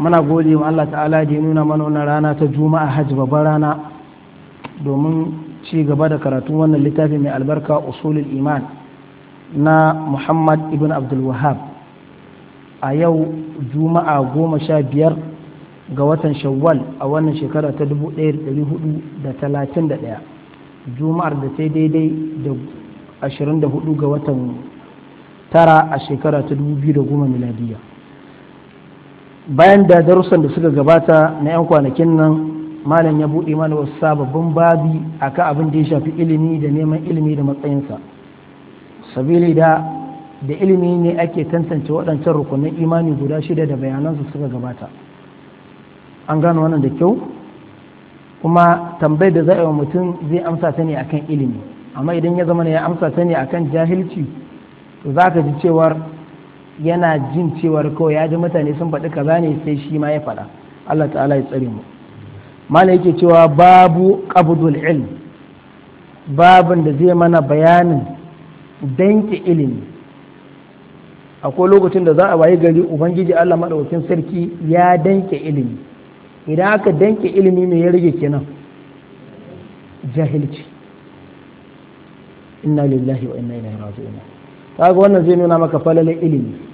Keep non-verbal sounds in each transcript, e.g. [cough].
muna gode wa Allah ta'ala da ya nuna mana wannan rana ta juma'a hajji babban rana domin ci gaba da karatun wannan littafi mai albarka usulul iman na muhammad ibn abdul wahab a yau juma'a goma sha biyar ga watan shawwal a wannan shekara ta dubu da da talatin ɗaya juma'ar da ta daidai da ashirin da hudu ga watan tara a shekara ta dubu biyu da goma miladiyya bayan da darussan da suka gabata na 'yan kwanakin nan malam ya buɗe mana wasu sababbin babi a ka abin da ya shafi ilimi da neman ilimi da matsayinsa sabili da da ilimi ne ake tantance waɗancan rukunin imani guda shida da bayanansu suka gabata an gano wannan da kyau kuma tambayar da za a yi wa mutum zai amsa ta ne akan ilimi amma idan ya zama ya amsa ta ne akan jahilci to za ka ji cewar yana jin cewar kawai ya ji mutane sun faɗi kaza ne sai shi ma ya faɗa Allah ta'ala ya tsare mu mana yake cewa babu qabdul ilm babin da zai mana bayanin danke ilimi akwai lokacin da za a wayi gari ubangiji Allah madaukakin sarki ya danke ilimi idan aka danke ilimi me ya rage kenan jahilci inna lillahi wa inna ilaihi raji'un kaga wannan zai nuna maka falalin ilimi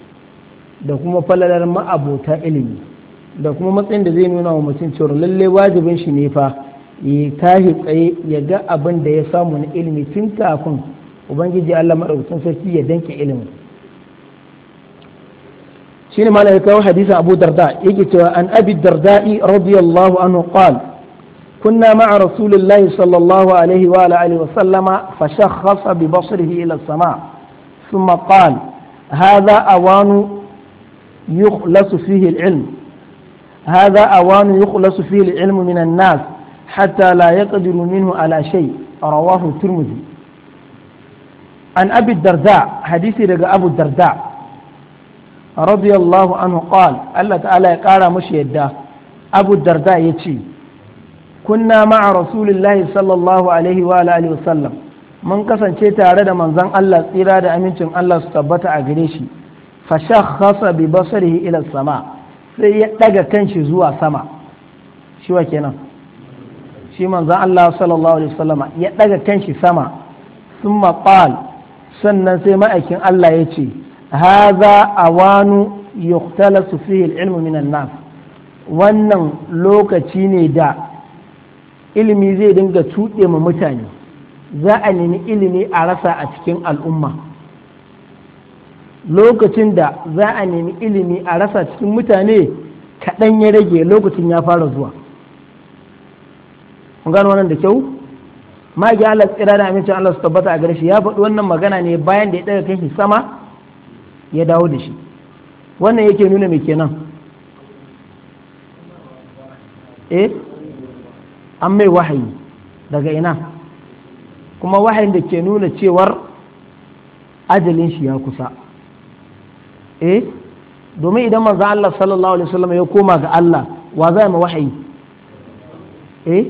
da kuma falalar ma'abota ilimi da kuma matsayin da zai nuna wa mutum cewa lalle wajibin shi ne fa ya tashi tsaye ya ga abin da ya samu na ilimi tun kafin ubangiji Allah madaukakin sarki ya danke ilimi shine malam ya kawo hadisin Abu Darda yake cewa an Abi Darda'i radiyallahu anhu qala كنا مع رسول الله صلى الله عليه وآله وسلم فشخص ببصره إلى السماء ثم قال هذا أوان يخلص فيه العلم هذا أوان يخلص فيه العلم من الناس حتى لا يقدر منه على شيء رواه الترمذي عن أبي الدرداء حديث رجاء أبو الدرداء رضي الله عنه قال الله تعالى قال مش يده أبو الدرداء يتي كنا مع رسول الله صلى الله عليه وآله وسلم من كسن تare da manzon Allah tsira da amincin Allah su tabbata a gare shi fashakhasa bi basarihi ila sama sai ya daga kanshi zuwa sama shi wa kenan shi manzon Allah sallallahu alaihi wasallama ya daga kanshi sama thumma qal sannan sai ma'aikin Allah ya ce hadha awanu yuhtalasu fihi al-ilmu minan nas wannan lokaci ne da ilimi zai dinga tuɗe ma mutane za a nemi ilimi a rasa a cikin al'umma lokacin da za a nemi ilimi a rasa cikin mutane kaɗan ya rage lokacin ya fara zuwa kun gano wannan da kyau ga Allah tsira da amincin Allah su tabbata a gare shi ya faɗi wannan magana ne bayan da ya ɗaga kai sama ya dawo da shi wannan yake nuna mai kenan eh an mai wahayi daga ina kuma wahayin da ke nuna cewar ajalin shi ya kusa eh domin idan manzo Allah sallallahu alaihi wasallam ya koma ga Allah wa zai ma wahayi eh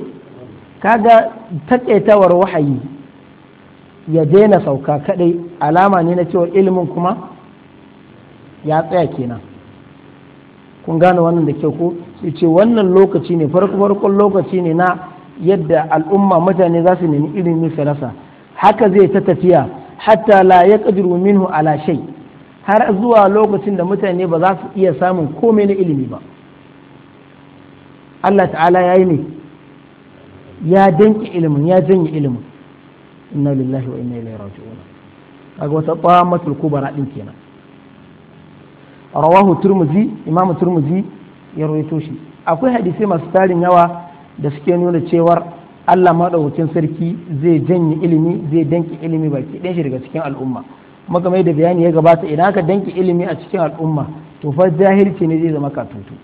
kaga takaitawar wahayi ya daina sauka kadai alama ne na cewa ilimin kuma ya tsaya kenan kun gane wannan da kyau ko sai ce wannan lokaci ne farko farkon lokaci ne na yadda al'umma mutane za su nemi ilimin su haka zai ta tafiya hatta la yaqdiru minhu ala shay' har zuwa lokacin da mutane ba za su iya samun komai na ilimi ba Allah ta'ala ya yi ne ya danke ilimin ya janye ilimin inna lillahi wa inna ilaihi raji'un kaga wata tamatul kubara din kenan rawahu turmuzi imamu turmuzi ya rawaito shi akwai hadisi masu tarin yawa da suke nuna cewar Allah madaukakin sarki zai janye ilimi zai danke ilimi baki ɗaya shi daga cikin al'umma maka mai da bayani ya gabata idan aka danki ilimi a cikin al'umma to fa jahilci ne zai zama katutu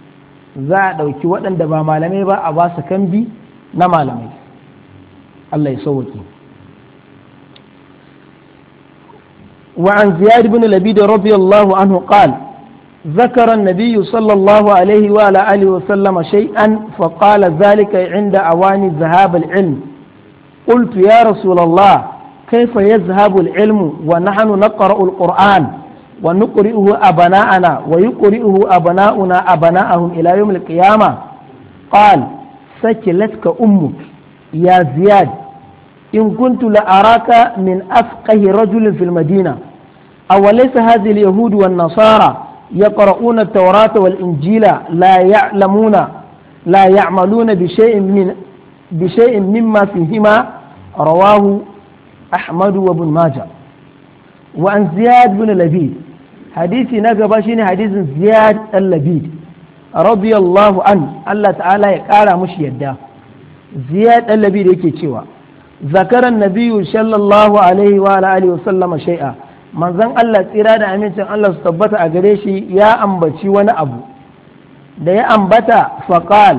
za a ɗauki waɗanda ba malamai ba a ba su kambi na malamai Allah ya sauwake wa an ziyad ibn labid radiyallahu anhu qala ذكر النبي صلى الله عليه وعلى آله وسلم شيئا فقال ذلك عند أوان ذهاب العلم قلت يا رسول الله كيف يذهب العلم ونحن نقرأ القرآن ونقرئه أبناءنا ويقرئه أبناؤنا أبناءهم إلى يوم القيامة قال سكلتك أمك يا زياد إن كنت لأراك من أفقه رجل في المدينة أوليس هذه اليهود والنصارى يقرؤون التوراة والإنجيل لا يعلمون لا يعملون بشيء من بشيء مما فيهما رواه أحمد وابن ماجه وعن زياد بن لبيد حديثي نقبة شيني حديث زياد اللبيد رضي الله عنه الله تعالى يقال مش يدا زياد اللبيد يكي تشوى ذكر النبي صلى الله عليه وعلى آله وسلم شيئا من ذن الله إرادة أمينة الله ستبت أجريشي يا أنبتي وانا أبو da ya ambata faƙal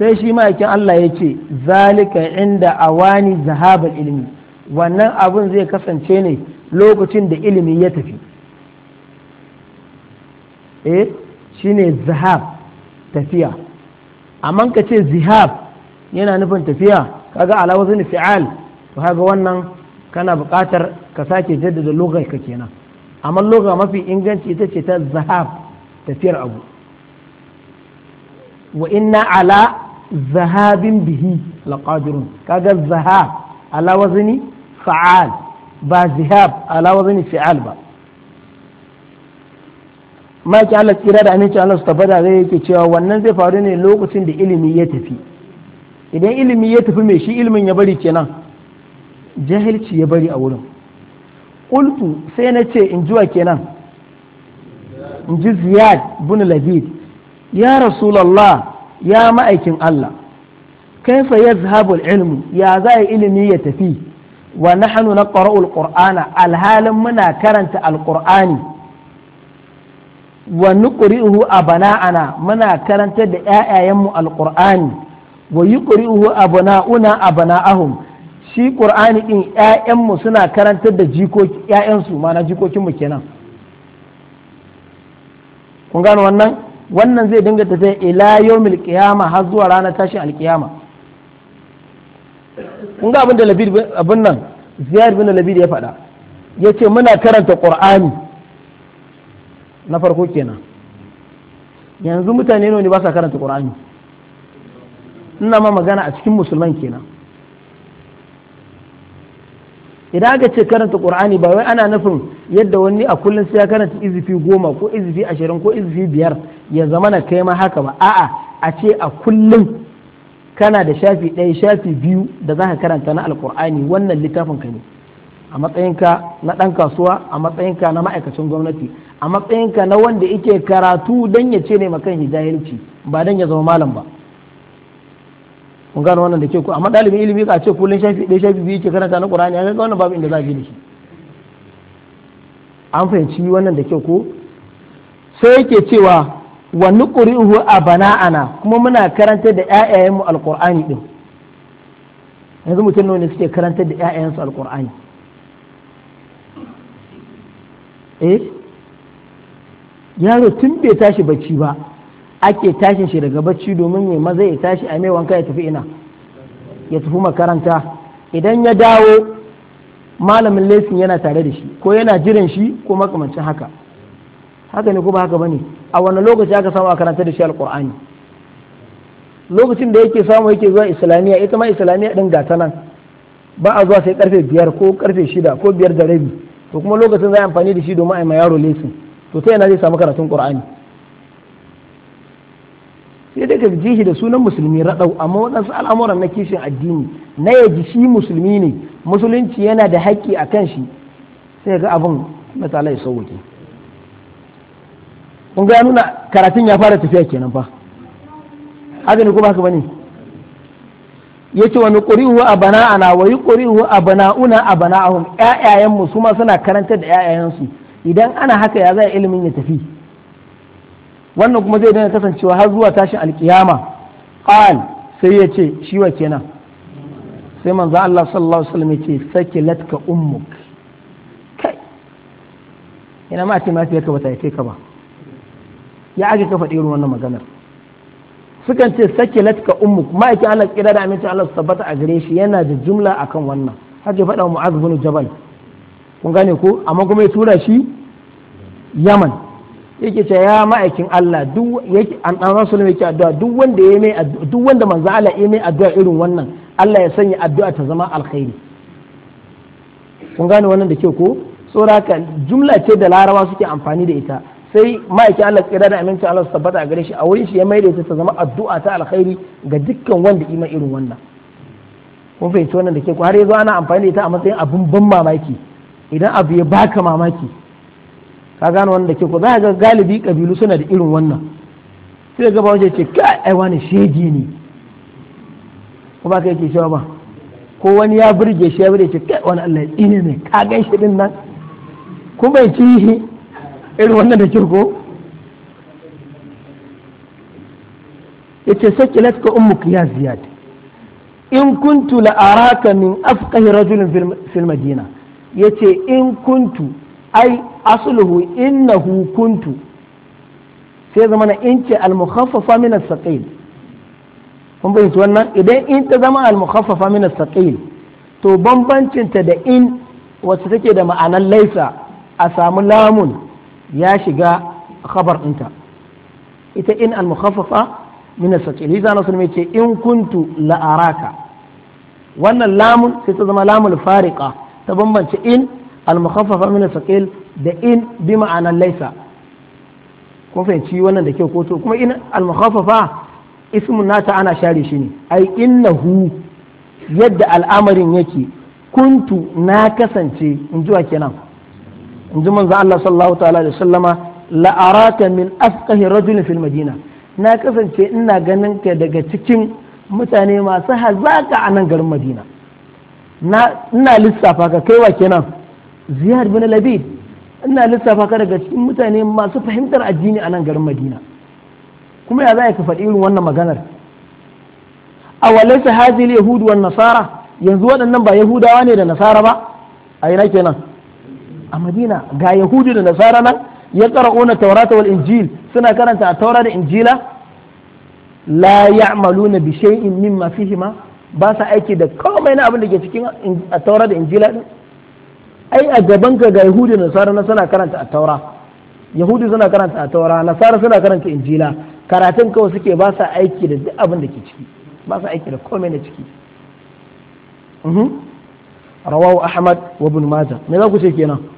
sai shi ma'aikin Allah ya ce zalika inda awani zahabar ilimi wannan abin zai kasance ne lokacin da ilimi ya tafi eh shine zahab tafiya amma ka ce zihab yana nufin tafiya kaga alawar zini fi'al to kaga wannan kana buƙatar ka sake jaddada logar ka kenan amma loga mafi inganci ita ce ta zahab tafiyar abu wa inna ala zahabin bihi laƙadirun kaga zahab ala wazini fa'al ba zihab ala wazani fi'al ba maki Allah tsira da aminci Allah su tabbata zai yake cewa wannan zai faru ne lokacin da ilimi ya tafi idan ilimi ya tafi mai shi ilimin ya bari kenan jahilci ya bari a wurin qultu sai na ce in jiwa kenan in ji ziyad bin labid ya rasulullah ya aikin Allah kaifa yazhabul ilmu ya za ilimi ya tafi wa nahnu naqra'u alqur'ana alhalin muna karanta alqur'ani wa nuqri'uhu abana'ana muna karanta da ƴaƴayenmu alqur'ani wa yuqri'uhu abana'una abana'ahum shi qur'ani din ƴaƴanmu suna karanta da jikoki ƴaƴansu mana jikokin mu kenan kun gano wannan wannan zai dinga tafiya ila yawmil qiyama har zuwa ranar tashin alqiyama kun ga abin da labir abin nan ziyar bin labir ya faɗa ya ce muna karanta qur'ani na farko kenan yanzu mutane ne ba sa karanta qur'ani ina ma magana a cikin musulman kenan idan aka ce karanta qur'ani ba wai ana nufin yadda wani a kullum sai ya karanta izifi goma ko izifi ashirin ko izifi biyar ya zama na kai ma haka ba a'a a ce a kullum kana da shafi ɗaya shafi biyu da za ka karanta na alkur'ani wannan littafin ka ne a matsayinka na ɗan kasuwa a matsayinka na ma'aikacin gwamnati a matsayinka na wanda yake karatu don ya ce ne makan hijahilci ba don ya zama malam ba kun gano wannan da ke ku amma ɗalibin ilimi ka ce kullum shafi ɗaya shafi biyu ke karanta na ƙur'ani an ga wannan babu inda za da shi an fahimci wannan da ke ku sai yake cewa wa nuqri'uhu abana'ana kuma muna karanta da ƴaƴayenmu alqur'ani din yanzu mutum ne suke karanta da ƴaƴayensu alqur'ani eh yaro tun bai tashi bacci ba ake tashin shi daga bacci domin ya maza ya tashi a mai wanka ya tafi ina ya tafi makaranta idan ya dawo malamin lesson yana tare da shi ko yana jiran shi ko makamancin haka haka ne ko ba haka bane a wani lokaci aka samu a karanta da shi alkur'ani lokacin da yake samu yake zuwa islamiyya ita ma islamiyya din gata nan ba a zuwa sai karfe biyar ko karfe shida ko biyar da rabi to kuma lokacin za a amfani da shi domin a yi ma yaro lesson to ta yana zai samu karatun qur'ani sai dai ka ji da sunan musulmi raɗau amma waɗansu al'amuran na kishin addini na ya ji shi musulmi ne musulunci yana da haƙƙi a kan shi sai ga abin misalai ya sauke kun ga nuna karatun ya fara tafiya kenan fa haka ne kuma haka bane yace wa nuqrihu abana'ana wayi yuqrihu a bana'una a ƴaƴayenmu su ma suna karantar da ƴaƴayensu. idan ana haka ya zai ilimin ya tafi wannan kuma zai dana kasancewa har zuwa tashin alkiyama qal sai ya ce shi wa kenan sai manzo Allah sallallahu alaihi wasallam sake latka ummuk kai ina ma ce mafi yaka bata kai ka ba ya aka kafa irin wannan maganar sukan ce sake latka ummuk ma'aikin Allah kira da aminci Allah su tabbata a gare shi yana da jumla akan wannan haka ya faɗa mu'az bin jabal kun gane ko amma kuma ya tura shi yaman yake ce ya ma'aikin Allah duk yake an dan rasul yake addu'a duk wanda ya mai duk wanda manzo Allah ya mai addu'a irin wannan Allah ya sanya addu'a ta zama alkhairi kun gane wannan da ke ko saboda jumla ce da larawa suke amfani da ita sai ma'aikin Allah tsira da amincin Allah su tabbata a gare shi a wurin shi ya maida ta zama addu'a ta alkhairi ga dukkan wanda ima irin wannan kun fahimci wannan da ke har yanzu ana amfani da ita a matsayin abin ban mamaki idan abu ya baka mamaki ka gane wannan da ke ko za ka ga galibi kabilu suna da irin wannan sai gaba wajen ce kai ai wani shege ne ko ba ka yake cewa ba ko wani ya burge shi ya burge ce kai wani Allah ya ne ka gan shi din nan kuma ya ci irin wannan da kirko yace sakilat ka ummuk ya ziyad in kuntu la araka min afqahi rajulin fil madina yace in kuntu ai asluhu innahu kuntu sai zama na in ce al-mukhaffafa min as-saqil kun fahimci wannan idan in ta zama al-mukhaffafa min as-saqil to bambancin ta da in wacce take da ma'anan laisa a samu lamun ya shiga khabar ɗinta ita in al-mukhaffafa min as-saqil idan rasul ce in kuntu la'araka wannan lamun sai ta zama lamun fariqa ta bambance in al-mukhaffafa min da in bi ma'ana laysa kun fahimci wannan da kyau ko to kuma in al-mukhaffafa nata ana share shi ne ai innahu yadda al'amarin yake kuntu na kasance in zuwa kenan in ji manzo Allah sallallahu ta'ala da sallama la'arata min afqahi rajulin fil madina na kasance ina ganin ka daga cikin mutane masu hazaka a nan garin madina na ina lissafa ka kaiwa kenan ziyar bin labid ina lissafa ka daga cikin mutane masu fahimtar addini a nan garin madina kuma ya za ka faɗi irin wannan maganar a walaisa hadhihi yahud nasara yanzu waɗannan ba yahudawa ne da nasara ba a ina kenan a madina ga yahudu da nasara nan ya qara'una taurata wal injil suna karanta a taura da injila la ya'maluna bi shay'in mimma fihi ma ba sa aiki da komai na abin da ke cikin a taura da injila din ai a gaban ka ga yahudu da nasara nan suna karanta a taura yahudi suna karanta a taura nasara suna karanta injila karatun kawai suke ba sa aiki da duk abin da ke ciki ba sa aiki da komai na ciki mhm. rawahu ahmad wa ibn majah me za ku ce kenan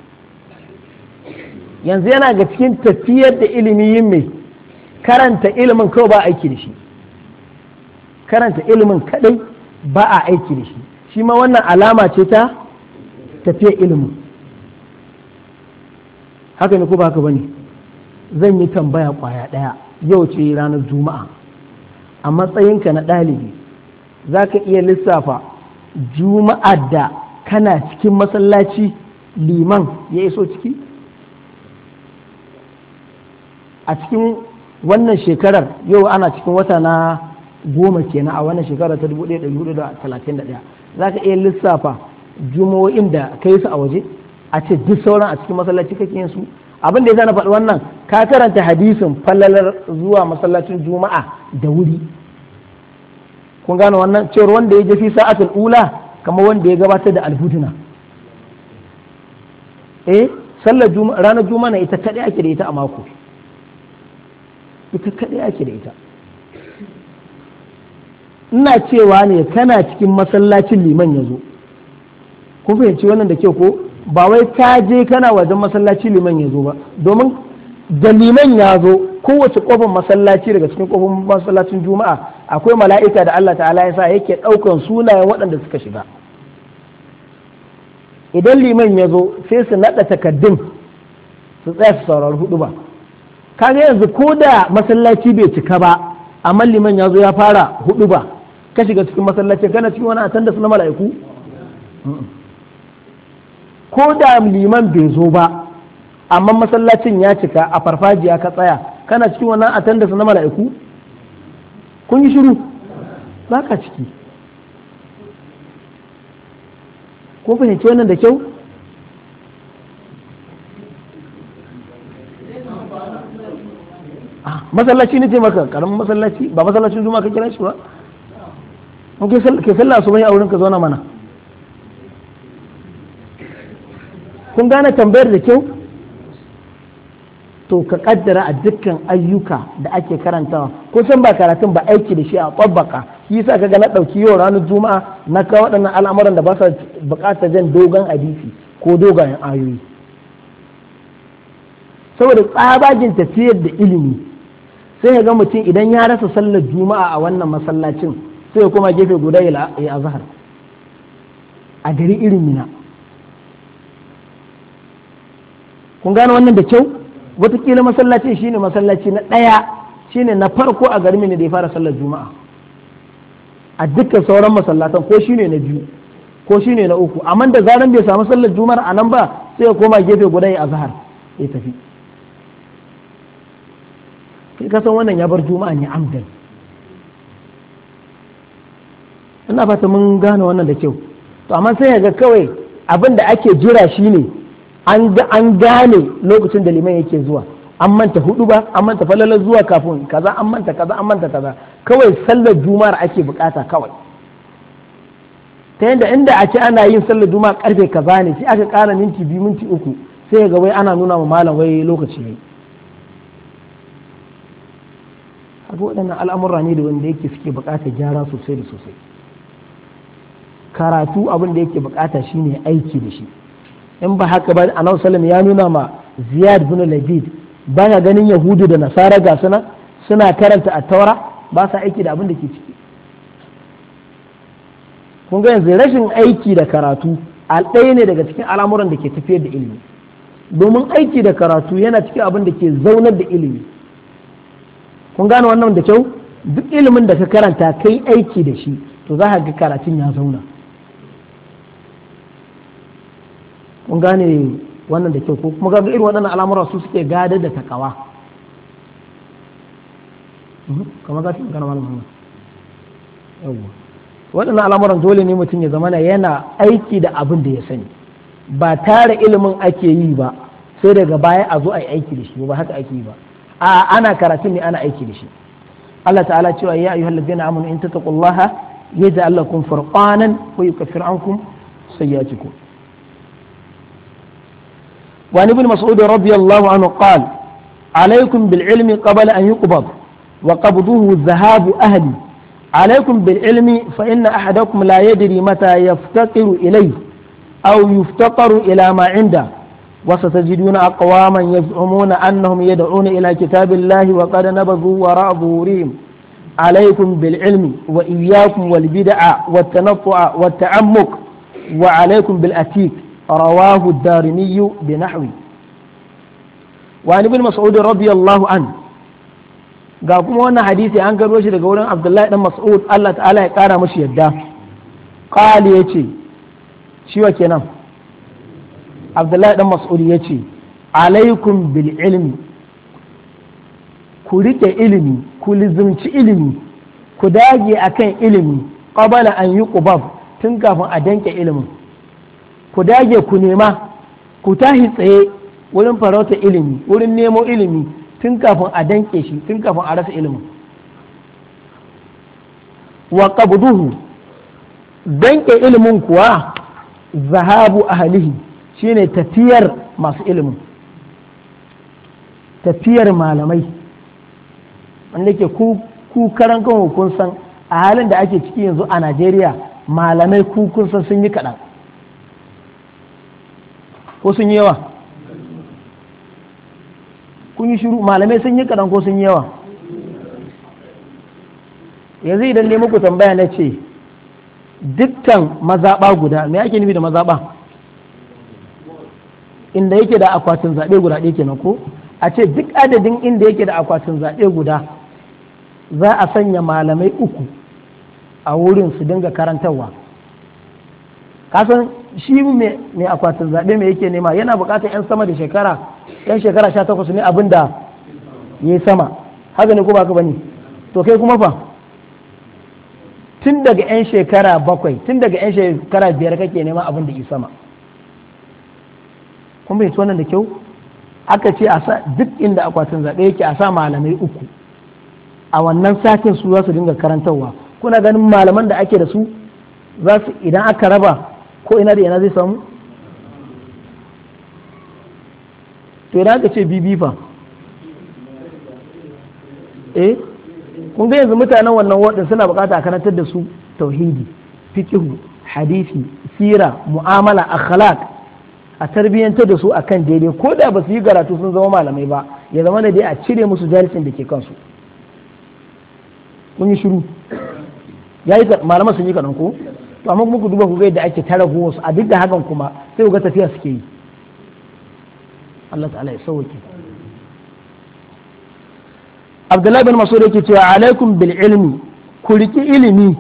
yanzu yana ga cikin tafiyar da ilimi yin mai karanta ilimin kawai ba aiki da shi karanta ilimin kadai ba a aiki da shi shi ma wannan alama ce ta tafiyar ilimin haka ne ko ba haka bane zan yi tambaya kwaya daya yau ce ranar juma'a a matsayinka na ɗalibi za ka iya lissafa juma'a da kana cikin masallaci liman ya iso ciki a cikin wannan shekarar yau ana cikin wata na goma kenan a wannan shekarar ta 1431 za ka iya lissafa jumo'in da ka yi su a waje a ce duk sauran a cikin masallaci kake yin su abin da ya zana faɗi wannan ka karanta hadisin fallalar zuwa masallacin juma'a da wuri kun gane wannan cewar wanda ya je fi sa'atul ula kamar wanda ya gabatar da albuduna eh sallar ranar juma'a na ita kaɗai ake da ita a mako ita kaɗai ake da ita ina cewa ne kana cikin masallacin liman ya zo ku fahimci wannan da ke ko ba wai ta je kana wajen masallacin liman ya zo ba domin da liman ya zo kowace ƙofar masallaci daga cikin ƙofar masallacin juma'a akwai mala'ika da Allah ta'ala ya sa yake ɗaukan sunayen waɗanda suka shiga idan liman ya zo sai su naɗa takaddun su tsaya su saurari hudu ba kaga yanzu ko da masallaci bai cika ba amma liman ya zo ya fara hudu ba ka shiga cikin masallacin kana cikin wani atan da na mala'iku ko da liman bai zo ba amma masallacin ya cika a farfajiya ka tsaya kana cikin wannan atan da na mala'iku kun yi shiru ba ka ciki ko fahimci wannan da kyau masallaci ne ce maka karamin masallaci ba masallacin zuma ka kira shi ba ke sallah su bai a wurin ka zauna mana kun gane tambayar da kyau to ka kaddara a dukkan ayyuka da ake karantawa ko san ba karatun ba aiki da shi a tsabbaka shi yasa kaga na dauki yau ranar juma'a na kawo waɗannan al'amuran da ba sa bukatar jan dogon hadisi ko dogayen ayoyi saboda tsabagen tafiyar da ilimi sai ya ga mutum idan ya rasa sallar juma'a a wannan masallacin sai ya koma gefe guda ya azhar a gari irin mina kun gane wannan da kyau watakila masallacin shine masallaci na ɗaya shine na farko a garin mina da ya fara sallar juma'a a dukkan sauran masallatan ko shine na biyu ko shine na uku amma da zaran bai samu sallar juma'ar a nan ba sai ya koma gefe guda ya azhar ya tafi sai ka san wannan ya bar juma'a ne amdan ina fata mun gane wannan da kyau to amma sai ga kawai abin da ake jira shi ne an gane lokacin da liman yake zuwa an manta hudu ba an manta falalar zuwa kafin kaza an manta kaza an manta kaza kawai sallar juma'ar ake bukata kawai ta yadda inda a ce ana yin sallar juma'a karfe kaza ne sai aka kara minti biyu minti uku sai ga wai ana nuna ma malam wai lokaci ne haka waɗannan al'amurra ne da wanda yake suke buƙatar gyara sosai da sosai karatu abin da yake buƙata shine aiki da shi in ba haka ba a sallam ya nuna ma ziyad bin labid ba ganin yahudu da nasara ga suna suna karanta a taura ba sa aiki da abin da ke ciki kun ga yanzu rashin aiki da karatu ɗaya ne daga cikin al'amuran da ke tafiyar da ilimi domin aiki da karatu yana cikin abin da ke zaunar da ilimi kun gane wannan da kyau duk ilimin da ka karanta kai aiki da shi to za ka ga karatun ya zauna kun gane wannan da kyau ko kuma ga irin waɗannan al'amura su suke gada da takawa mhm, kamar za su magana malam Muhammad yawwa waɗannan al'amuran dole ne mutum ya zamana yana aiki da abin da ya sani ba tare ilimin ake yi ba sai daga baya a zo a yi aiki da shi ba haka ake yi ba A'a ana karatun ne ana aiki da shi Allah ta'ala cewa ya ayyuhal ladzina amanu in tattaqullaha yaj'al lakum furqanan wa yukaffir ankum sayyi'atikum wa an ibn mas'ud radiyallahu anhu qala alaykum bil ilmi qabla an yuqbad wa qabduhu dhahabu ahli alaykum bil ilmi fa inna ahadakum la yadri mata yaftaqiru ilayhi aw yuftaqaru ila ma inda وستجدون أقواما يزعمون أنهم يدعون إلى كتاب الله وقد نبذوا وراء ظهورهم عليكم بالعلم وإياكم والبدع والتنطع والتعمق وعليكم بالأتيك رواه الدارمي بنحوه وعن ابن مسعود رضي الله عنه ga kuma wannan hadisi an karbo shi daga wurin Abdullahi dan Mas'ud Allah ta'ala ya kara mashi yadda qali yace shi wa kenan abdullahi dan mas'ud ya ce alaikum bil ilmi ku rike ilimi ku lizimci ilimi ku dage akan ilimi qabala an yi tun kafin a danke ilimin ku dage ku nema ku tahi tsaye wurin farauta ilimi wurin nemo ilimi tun kafin a danke shi tun kafin a rasa ilimi wa qabduhu danke ilimin kuwa zahabu ahlihi shine tafiyar masu ilimin tafiyar malamai wanda ke kukaran kan kun san a halin da ake ciki yanzu a najeriya malamai ku kun san sun yi kaɗan ko sun yi yawa kun yi shiru malamai sun yi kaɗan ko sun yi yawa yanzu idan ne muku tambaya na ce dukkan mazaɓa guda me ake nufi da mazaɓa inda yake da akwatin zaɓe guda ɗaya kenan ko a ce duk adadin inda yake da akwatin zaɓe guda za a sanya malamai uku a wurin su dinga karantarwa kasan shi mai akwatin zaɓe mai yake nema yana buƙatar 'yan sama da shekara 'yan shekara sha takwas ne abin da ya yi sama haka ne ko ba ka bane to kai kuma fa tun daga 'yan shekara bakwai tun daga 'yan shekara biyar kake nema abin da ya sama Kuma bai wannan da kyau aka ce a sa duk inda akwatin zaɓe yake a sa malamai uku a wannan satin su za su dinga karantarwa kuna ganin malaman da ake da su za su idan aka raba ko ina da ina zai samu to idan aka ce bibi fa eh kun ga yanzu mutanen wannan wadin suna bukata a karantar da su tauhidi fikihu hadisi sira mu'amala akhlaq a tarbiyyantar da su akan daidai ko da ba su yi karatu sun zama malamai ba ya zama da dai a cire musu jarisin da ke kansu kun yi shiru ya yi malaman sun yi kaɗan ko to amma kuma ku duba ku ga yadda ake tara wasu a duk da hakan kuma sai ku ga tafiya suke yi Allah ta'ala ya sauke Abdullahi bin Mas'ud yake cewa alaikum bil ilmi ku riki ilimi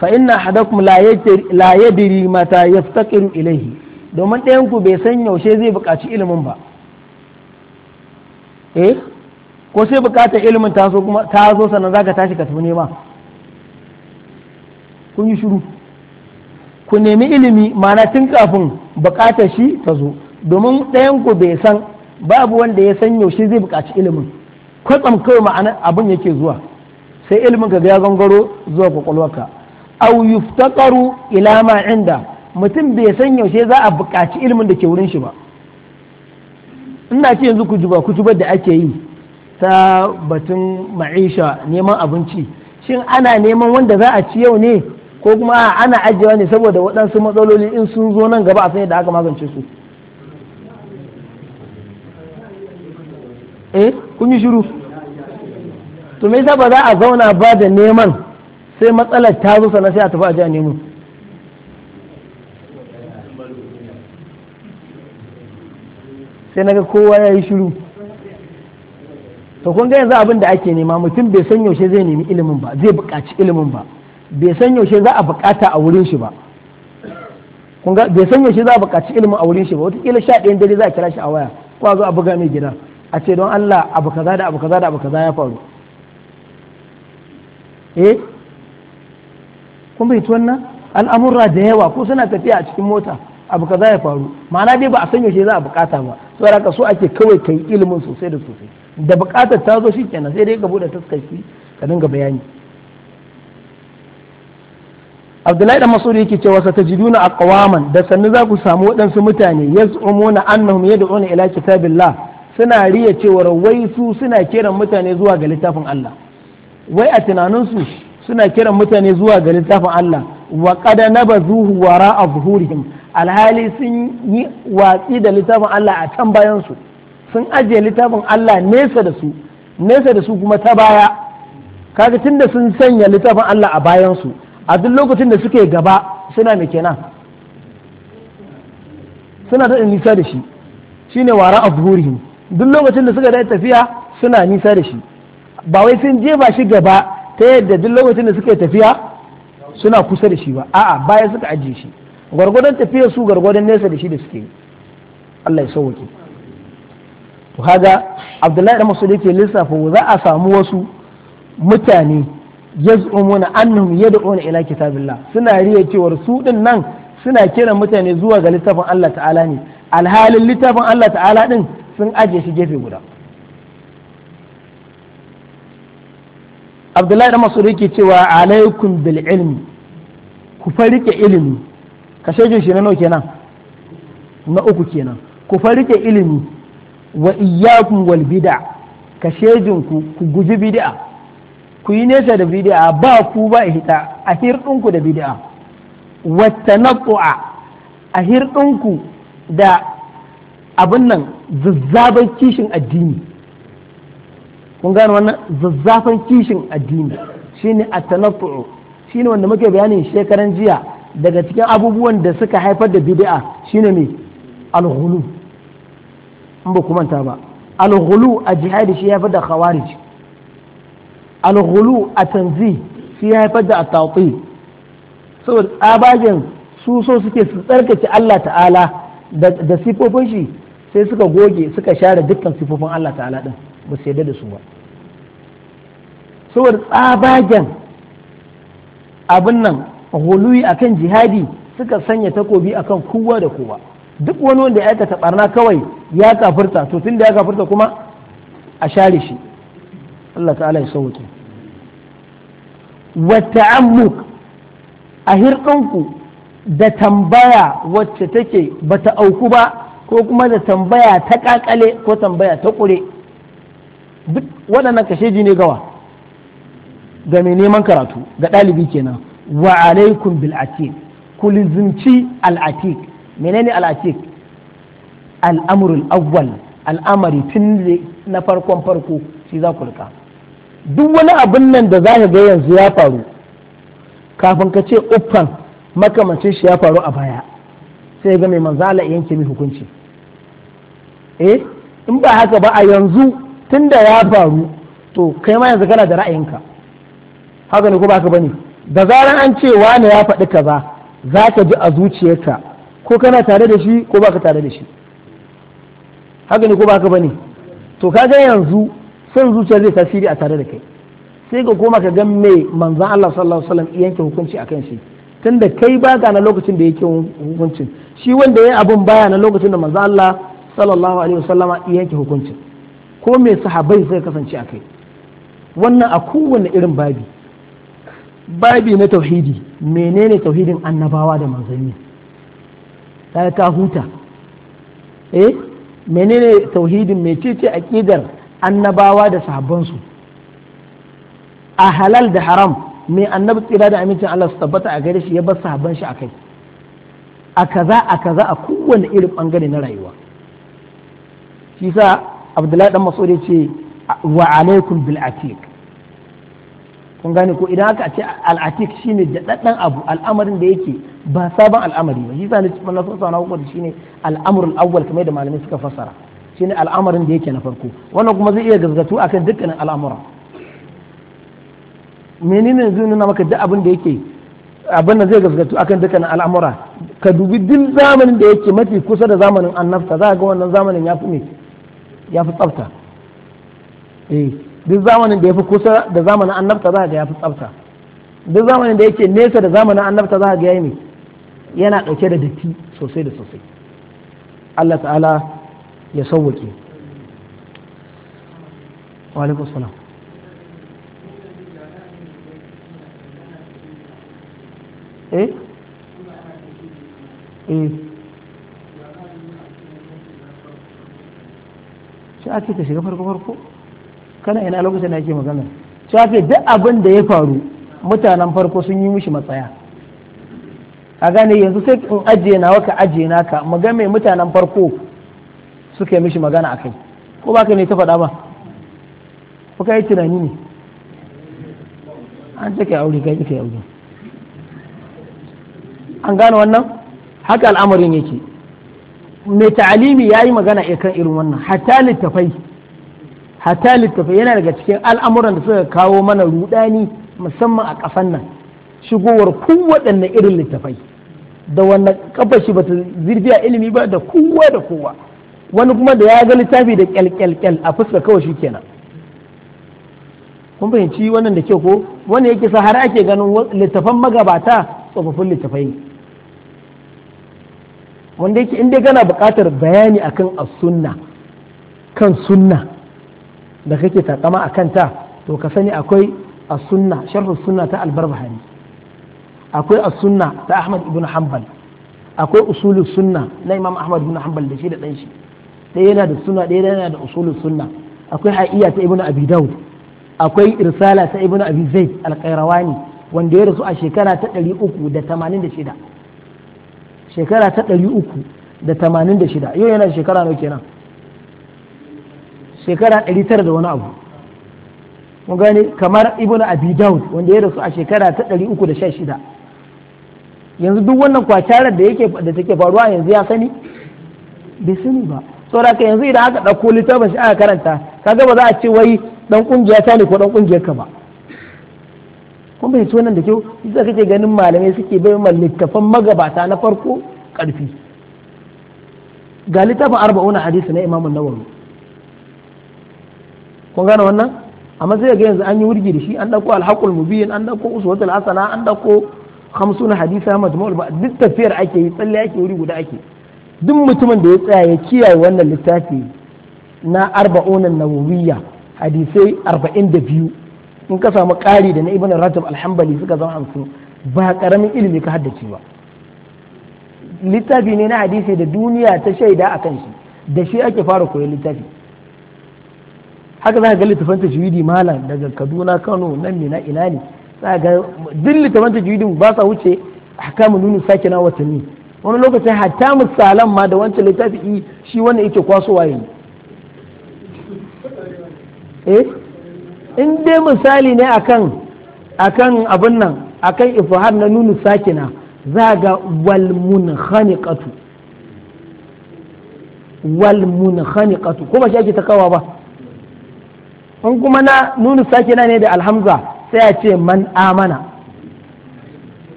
fa inna hadakum la yadri mata yaftaqiru ilayhi domin ɗayan ku bai san yaushe zai buƙaci ilimin ba eh ko sai buƙatar ilimin ta zo kuma ta zo sannan zaka tashi ka tafi nema kun yi shiru ku nemi ilimi ma'ana tun kafin buƙatar shi ta zo domin ɗayan ku bai san babu wanda ya san yaushe zai buƙaci ilimin kwatsam kawai ma'ana abin yake zuwa sai ilimin ka ga ya gangaro zuwa kwakwalwarka auyuftakaru yuftaqaru ila ma inda mutum bai san yaushe za a buƙaci ilimin da ke wurin shi ba ina ce yanzu ku juba ku da ake yi ta batun ma'isha neman abinci shin ana neman wanda za a ci yau ne ko kuma ana ajiyewa ne saboda waɗansu matsaloli in sun zo nan gaba a sanya da aka magance su eh kun yi shiru to me ba za a zauna ba da neman sai matsalar ta zo sana sai a tafi a ji a nemo sai naga kowa ya yi shiru to kun ga yanzu abin da ake nema mutum bai san yaushe zai nemi ilimin ba zai buƙaci ilimin ba bai san yaushe za a buƙata a wurin shi ba kun ga bai san yaushe za a buƙaci ilimin a wurin shi ba wataƙila sha ɗayan dare za a kira shi a waya ko a zo a buga mai gida a ce don Allah abu kaza da abu kaza da abu kaza ya faru eh kun bai wannan al'amurra da yawa ko suna tafiya a cikin mota abu kaza ya faru ma'ana dai ba a san yaushe za a bukata ba saboda haka so ake kawai kai ilimin sosai da sosai da bukatar ta zo shikenan sai dai ka bude taskaki ka dinga bayani Abdullahi da Masudi yake cewa a aqwaman da sannu za ku samu waɗansu mutane yaz'umuna annahum yad'una ila kitabillah suna riya cewa wai su suna kiran mutane zuwa ga littafin Allah wai a tunaninsu suna kiran mutane zuwa ga littafin Allah wa qad nabazuhu wara'a zuhurihim alhali sun yi watsi da littafin Allah a can bayansu sun ajiye littafin Allah nesa da su nesa da su kuma ta baya kaga da sun sanya littafin Allah a bayansu a duk lokacin da suke gaba suna mai kenan suna da nisa da shi shine wara azhurihim duk lokacin da suka da tafiya suna nisa da shi ba wai sun jefa shi gaba ta yadda duk lokacin da suka tafiya suna kusa da shi ba a'a baya suka ajiye shi gwargwadon tafiya su gwargwadon nesa da shi da suke Allah ya sauke to haga Abdullahi da Masudi ke lissafa za a samu wasu mutane yaz'umuna annahum yad'una ila kitabillah suna riya cewar su din nan suna kiran mutane zuwa ga littafin Allah ta'ala ne alhalin littafin Allah ta'ala din sun aje shi gefe guda Abdullahi da Masudi ke cewa alaikum bil ilmi ku farike ilimi ka shege shi na ke kenan na uku kenan ku farike ilimi wa iyakun wal bid'a ka ku ku guji bid'a ku yi nesa da bid'a ba ku ba hita a hirɗinku ku da bid'a wa tanattu'a a hirɗinku ku da abin nan zazzafan kishin addini kun gane wannan zazzafan kishin addini shine at shi shine wanda muke bayanin shekaran jiya daga cikin abubuwan da suka haifar da bid'a shine ne alghulu in ba kuma ta ba alghulu a jihadi shi haifar da khawarij alghulu a tanzi shi haifar da atawti saboda tsabagen su so suke su tsarkake Allah ta'ala da sifofin shi sai suka goge suka share dukkan sifofin Allah ta'ala din ba su yarda da su ba saboda tsabagen abin nan huluyi akan jihadi suka sanya takobi akan kowa da kowa duk wani wanda ya aikata barna kawai ya kafirta to tun da ya kafirta kuma a share shi Allah ta'ala ya sauke wa ta'ammuk a hirɗinku da tambaya wacce take bata auku ba ko kuma da tambaya ta kakale ko tambaya ta ƙure duk waɗannan kasheji ne gawa ga mai neman karatu ga ɗalibi kenan wa alaikum bil atik ku lizimci al atik menene al atik al awwal al'amari tun na farkon farko shi za ku rika duk wani abin nan da za ka ga yanzu ya faru kafin ka ce uffan makamancin shi ya faru a baya sai ga mai manzo Allah yanke mai hukunci eh in ba haka ba a yanzu tunda ya faru to kai ma yanzu kana da ra'ayinka haka ne ko ba haka bane da zaran an ce wani ya faɗi kaza za ka ji a zuciyarka ko kana tare da shi ko baka tare da shi haka ne ko baka ne to kaga yanzu son zuciyar zai tasiri a tare da kai sai ka koma ka ga mai manzan Allah sallallahu alaihi wasallam yanke hukunci akan shi tunda kai ba ka na lokacin da yake hukuncin shi wanda ya abun baya na lokacin da manzan Allah sallallahu alaihi wasallam yanke hukuncin ko me sahabbai sai kasance a kai wannan a kowane irin babi babi na tauhidi menene tauhidin annabawa da manzanni ta ka huta eh menene tauhidin mecece aqidar annabawa da sahabbansu a halal da haram me annabi tsira da amincin Allah su tabbata a gare shi ya bar sahabban shi akai a kaza a kaza a kowane irin bangare na rayuwa shi sa Abdullahi dan Mas'ud ce wa alaikum bil atiq kun gane ko idan aka ce al'atik shine daɗaɗɗen abu al'amarin da yake ba sabon al'amari ba shi zane cikin nasu sana hukunta shine al'amarin awwal kamar da malamai suka fassara shine al'amarin da yake na farko wannan kuma zai iya gazgatu akan dukkanin al'amura menene zai nuna maka duk abin da yake abin da zai gazgatu akan dukkanin al'amura ka dubi duk zamanin da yake mafi kusa da zamanin annabta za ga wannan zamanin ya fi ya fi tsafta eh duk zamanin da ya fi kusa da zamanin annabta za ga ya fi tsafta duk zamanin da yake nesa da zamanin annabta za ga ya yi yana ɗauke da datti sosai da sosai Allah ta'ala ya sauwake shi ake ta shiga farko farko kana ina lokacin da yake magana ke duk abin da ya faru mutanen farko sun yi mishi matsaya a gane yanzu sai in ajiye nawa ka ajiye naka maga mai mutanen farko suka yi mishi magana a kai ko ba ka ne ta faɗa ba ko yi tunani ne an ce ka aure kai ka aure an gane wannan haka al'amarin yake mai ta'alimi ya yi magana a kan irin wannan hatta littafai hatta littafi yana daga cikin al'amuran da suka kawo mana rudani musamman a ƙasan nan shigowar kowaɗanne irin littafai da wannan kafa shi ta zirfi a ilimi ba da kowa da kowa wani kuma da ya ga littafi da kyalkyalkyal a fuska kawai shi kenan kun fahimci wannan da ke ko wani yake sa har ake ganin littafan magabata tsofaffin littafai ne wanda yake inda gana buƙatar bayani akan as-sunna kan sunna da kake takama a kanta to ka sani akwai a sunna sharh sunna ta albarbahani akwai a sunna ta Ahmad ibn Hanbal akwai usulus sunna na Imam Ahmad ibn Hanbal da shi da dan shi ɗaya yana da sunna ɗaya yana da usulus sunna akwai haiya ta Ibn Abi Dawud akwai irsala ta Ibn Abi Zaid al-Qayrawani wanda ya rasu a shekara ta 386 shekara ta 386 yau yana shekara nawa kenan shekara tara da wani abu mun gani kamar ibn abi daud wanda ya rasu a shekara ta 316 yanzu duk wannan kwakyarar da yake da take faruwa yanzu ya sani bai sani ba saboda yanzu idan aka ɗauko littafin shi aka karanta kaga ba za a ce wai ɗan kungiya ta ne ko dan ƙungiyar ka ba kun bai ci wannan da kyau yasa kake ganin malamai suke bai ma littafan magabata na farko karfi ga littafin arba'una hadisi na Imam Nawawi kun gane wannan amma sai ga yanzu an yi wurgi da shi an dauko alhaqul mubin an dauko uswatul hasana an dauko khamsuna hadisa majmu'ul ba duk tafiyar ake yi tsalle ake wuri guda ake duk mutumin da ya tsaya ya kiyaye wannan littafi na arba'una nawawiyya hadisai arba'in da biyu in ka samu ƙari da na ibn rajab alhambali suka zama hamsin ba karamin ilimi ka haddace ba littafi ne na hadisi da duniya ta shaida a kan shi da shi ake fara koyon littafi haka za ka ga littafan tajwidi malam daga Kaduna Kano nan ne na ina ne za ga duk littafan tajwidin ba sa wuce hakamu nunu sakina watanni wani lokacin hatta misalan ma da wancan littafi shi wannan yake kwasowa yayi eh in dai misali ne akan akan abin nan akan ifhar na nunu sakina za ga wal munkhaniqatu wal munkhaniqatu ko ba shi ake takawa ba in kuma na nunu sake na ne da alhamza sai a ce man amana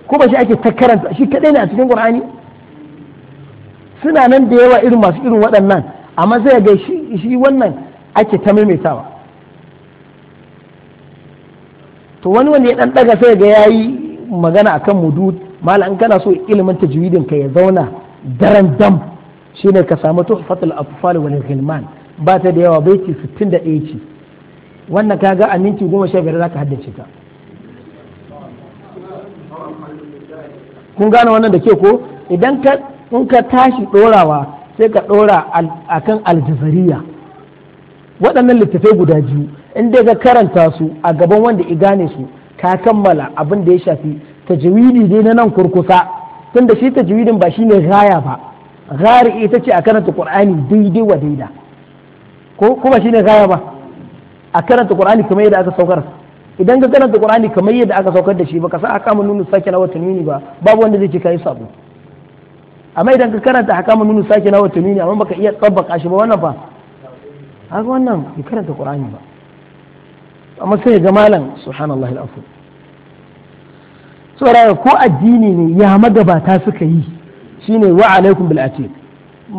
ko ba shi ake ta karanta shi kadai ne a cikin qur'ani suna nan da yawa irin masu irin waɗannan amma sai ga shi shi wannan ake ta maimaitawa to wani wanda ya dan daga sai ga yayi magana akan mudud mala kana so ilimin tajwidin ka ya zauna daren dam shine ka samu tuhfatul afsal wal ghilman ba ta da yawa baiti 61 ce wannan ka ga a minti goma sha biyar za ka haddace ta kun gane wannan da ke ko idan ka in ka tashi ɗorawa sai ka ɗora a kan aljazariya waɗannan littattafai guda biyu in dai ka karanta su a gaban wanda i gane su ka kammala abin da ya shafi tajwidi dai na nan kurkusa tunda shi tajwidin ba shine gaya ba gari ita ce a karanta Kur'ani daidai wa daida ko kuma shine gaya ba a karanta qur'ani kamar yadda aka saukar idan ka karanta qur'ani kamar yadda aka saukar da shi baka sa aka nunu sake na watan yuni ba babu wanda zai ce kai sabo amma idan ka karanta haka mun nunu sake na watan yuni amma baka iya tsabbaka shi ba wannan fa haka wannan ka karanta qur'ani ba amma sai ga malam subhanallahi alazim saboda ko addini ne ya magabata suka yi shine wa alaikum bil atiq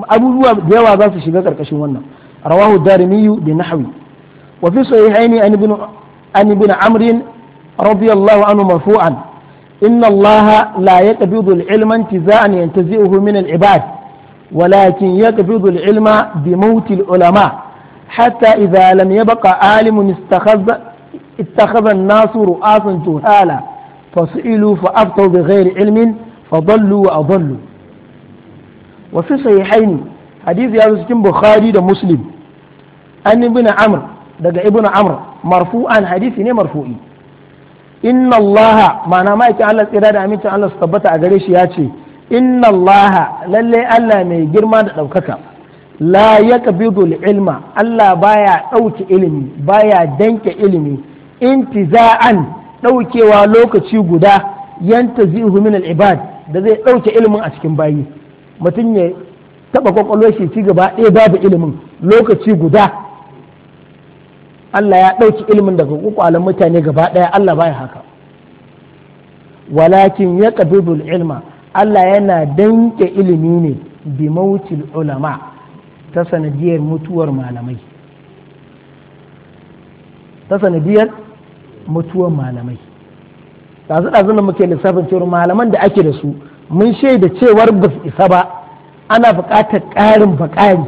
abubuwa da yawa za su shiga karkashin wannan rawahu darimiyu bi nahwi وفي صحيحين عن ابن عن ابن عمرو رضي الله عنه مرفوعا إن الله لا يقبض العلم انتزاعا ينتزعه من العباد ولكن يقبض العلم بموت العلماء حتى إذا لم يبقى عالم استخذ اتخذ الناس رؤاسا جهالا فسئلوا فأفتوا بغير علم فضلوا وأضلوا وفي صحيحين حديث يا بخاري ومسلم ان ابن عمرو daga ibnu amr marfu'an hadisi ne marfu'i inna allaha ma'ana ma'aikin allah tsira da amincin allah su tabbata a gare shi ya ce inna allaha lalle allah mai girma da ɗaukaka la ya ilma allah baya ɗauke ilimi baya danke ilimi intiza'an ɗaukewa lokaci guda yanta zihu min ibad da zai ɗauke ilimin a cikin bayi mutum ya taɓa kwakwalwar shi ci gaba ɗaya babu ilimin lokaci guda Allah ya ɗauki ilimin daga kwakwalen mutane gaba ɗaya Allah baya haka walakin ya qabidul ilma Allah yana danke ilimi ne bi mautil ulama ta sanadiyar mutuwar malamai ta sanadiyar mutuwar malamai ɗazu ɗazu muke lissafin cewar malaman da ake da su mun shaida cewar ba su isa ba ana buƙatar ƙarin ba ƙari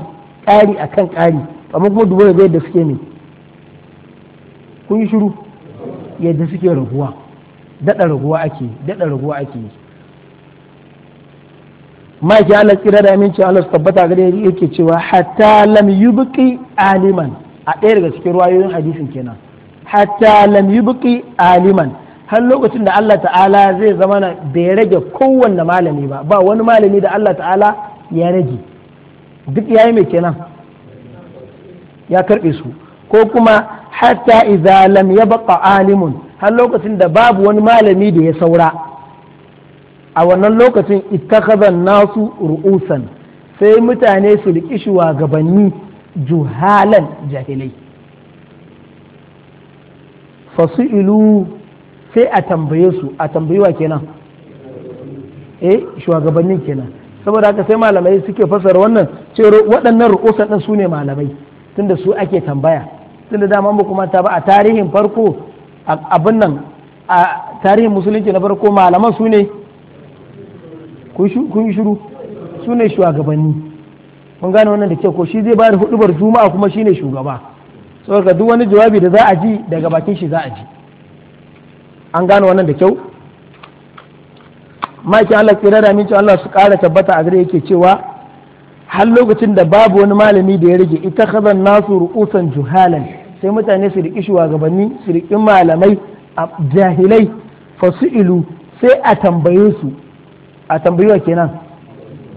ƙari akan ƙari amma kuma dubu da suke ne kun yi shiru yadda suke raguwa daɗa raguwa ake daɗa raguwa ake yi maki Allah tsira da aminci ala su tabbata gare yake cewa hatta lam yubqi aliman a ɗaya daga cikin ruwayoyin hadisin kenan hatta lam yubqi aliman har lokacin da Allah ta'ala zai zama na bai rage kowanne malami ba ba wani malami da Allah ta'ala ya rage duk yayi mai kenan ya karbe su ko kuma hatta idza lam yabqa alimun har lokacin da babu wani malami da ya saura a wannan lokacin ittakhadha nasu ru'usan sai mutane su riki shugabanni juhalan jahilai fasu'ilu sai a tambaye su a tambayi wa kenan eh shugabannin kenan saboda haka sai malamai suke fasara wannan cewa waɗannan ru'usan din sune ne malamai tunda su ake tambaya tunda dama muku kuma ta ba a tarihin farko abin nan a tarihin musulunci na farko malaman su ne kun yi shiru su ne shugabanni kun gane wannan da ke ko shi zai da hudubar juma'a kuma shi ne shugaba saboda duk wani jawabi da za a ji daga bakin shi za a ji an gane wannan da kyau maki Allah tsira da aminci Allah su kara tabbata a gare yake cewa har lokacin da babu wani malami da ya rage ita kazan nasu rukusan juhalan sai mutane su riƙi shugabanni su riƙi malamai a jahilai fasu'ilu sai a tambaye su a tambayewa kenan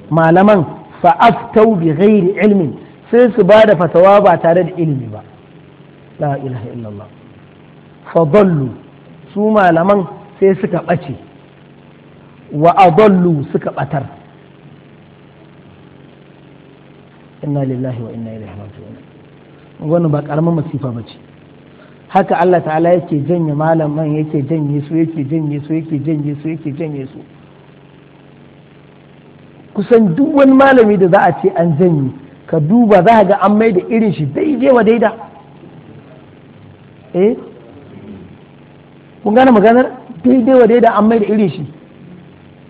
malaman fa'aftau bi ghairi ilmin sai su ba da fatawa ba tare da ilimi ba la ilaha illallah fadallu su malaman sai suka ɓace wa adallu suka ɓatar inna lillahi wa inna ilaihi raji'un wannan ba karamin masifa bace haka Allah ta'ala yake janye malaman yake janye su yake janye su yake janye su yake janye su kusan duk wani malami da za a ce an janye ka duba za ga an mai da irin shi daidai wa daida eh kun gane maganar daidai wa daida an mai da irin shi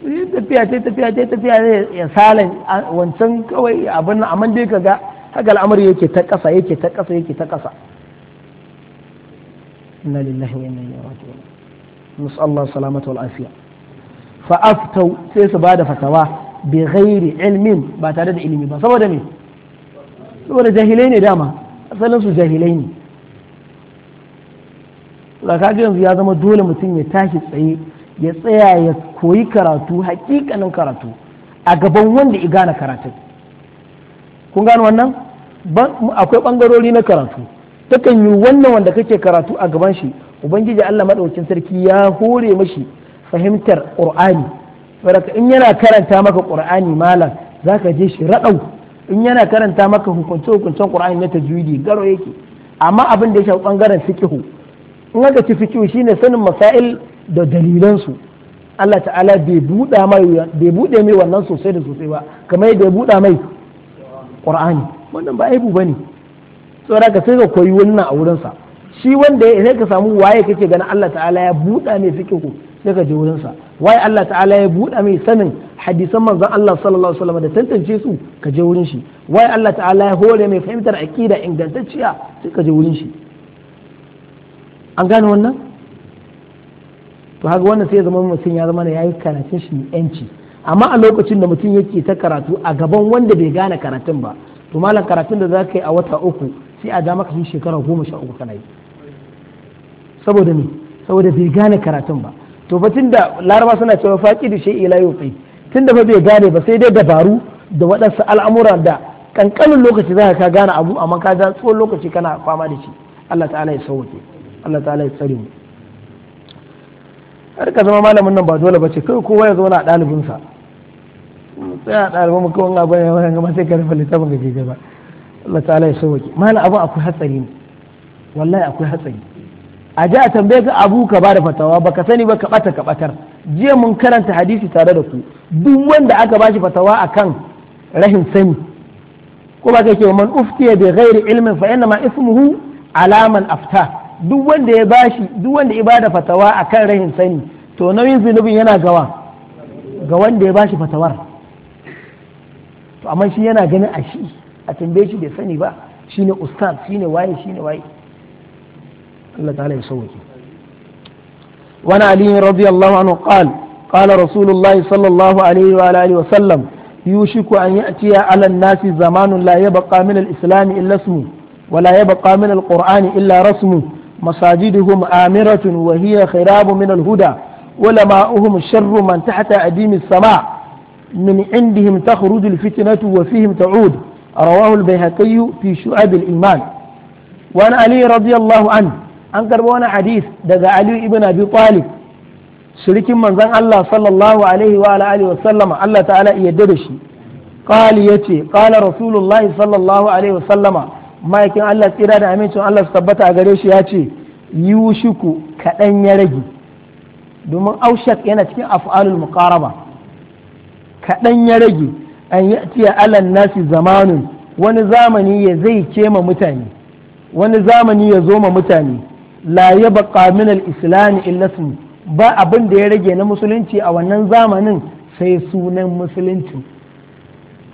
Eh, tafiya ce tafiya ce tafiya ne ya salan wancan kawai abin nan amma dai kaga haka al'amari yake ta ƙasa yake ta ƙasa yake ta ƙasa inna lillahi wa inna ilaihi raji'un musallallahu salamata wal afiya fa aftau sai su bada fatawa bi ghairi ilmin ba tare da ilimi ba saboda me saboda jahilai ne dama asalin su jahilai ne ka ga yanzu ya zama dole mutum ya tashi tsaye ya tsaya ya koyi karatu hakikanin karatu a gaban wanda ya gane karatu kun gane wannan akwai bangarori na karatu takan yi wannan wanda kake karatu a gaban shi ubangiji Allah madaukakin sarki ya hore mashi fahimtar qur'ani saboda in yana karanta maka qur'ani malam zaka je shi radau in yana karanta maka hukunce hukuncen qur'ani na tajwidi garo yake amma abin da ya shafi bangaren fiqh in aka ci fiqh shine sanin masail da dalilansu Allah ta'ala bai buɗa mai bai buɗe mai wannan sosai da sosai ba kamar yadda ya buɗa mai Qur'ani wannan ba aibu bane saboda ka sai ka koyi wannan a wurinsa shi wanda ya sai ka samu waye kake ganin Allah ta'ala ya buɗa mai ku. sai ka je wurinsa waye Allah ta'ala ya buɗa mai sanin hadisan manzon Allah sallallahu alaihi wasallam da tantance su ka je wurin shi waye Allah ta'ala ya hore mai fahimtar aqida ingantacciya sai ka je wurin shi an gane wannan to haka wannan sai ya zama mutum ya zama ya yi karatun shi yanci amma a lokacin da mutum yake ta karatu a gaban wanda bai gane karatun ba to malam karatun da za ka yi a wata uku sai a da maka shi shekara goma sha uku kana yi saboda me saboda bai gane karatun ba to fa da laraba suna cewa faƙi da shi ila yau tun da fa bai gane ba sai dai dabaru da waɗansu al'amura da kankanin lokaci za ka gane abu amma ka ja tsohon lokaci kana fama da shi Allah ta'ala ya sauke Allah ta'ala ya tsare mu ka zama malamin nan ba dole ba ce kai kowa ya zauna a ɗalibinsa sai a ɗalibin kawai abu ya wani gama sai ka rufe littafin ka ke gaba Allah ta'ala ya sauwaki malam abu akwai hatsari ne wallahi akwai hatsari a ji a tambaye ka abu ka bada fatawa ba ka sani ba ka ɓata ka ɓatar jiya mun karanta hadisi tare da ku duk wanda aka bashi fatawa akan rahin sani ko ba ka ke man uftiya bi ghairi ilmin fa inna ma ismuhu alaman afta duk wanda ya bashi duk wanda ya bada fatawa akan rahin sani to nauyin zunubin yana gawa ga wanda ya bashi fatawar to amma shi yana ganin a shi a tambaye shi bai sani ba shi shine ustaz ne waye shi ne waye Allah ta'ala ya sauke wani aliyu radiyallahu anhu qal qala rasulullah sallallahu alaihi wa alihi wa sallam yushiku an ya'tiya ala an-nasi zamanun la yabqa min al-islam illa ismu wa la yabqa min al-qur'ani illa rasmu مساجدهم آمرة وهي خراب من الهدى ولماؤهم شر من تحت أديم السماء من عندهم تخرج الفتنة وفيهم تعود رواه البيهقي في شعب الإيمان وأن علي رضي الله عنه أنكر وانا حديث دقى علي ابن أبي طالب سلك من زن الله صلى الله عليه وعلى آله وسلم الله تعالى يدرشي قال يتي قال رسول الله صلى الله عليه وسلم ma'aikin Allah tsira da amincin Allah su tabbata a gare shi ya ce yi ku kaɗan ya rage domin aushak yana cikin af'alul muqaraba kaɗan ya rage an yi tiya alan nasi zamanin wani zamani ya zai kema mutane wani zamani ya zo ma mutane la ya baqa min islam ba abin da ya rage na musulunci a wannan zamanin sai sunan musulunci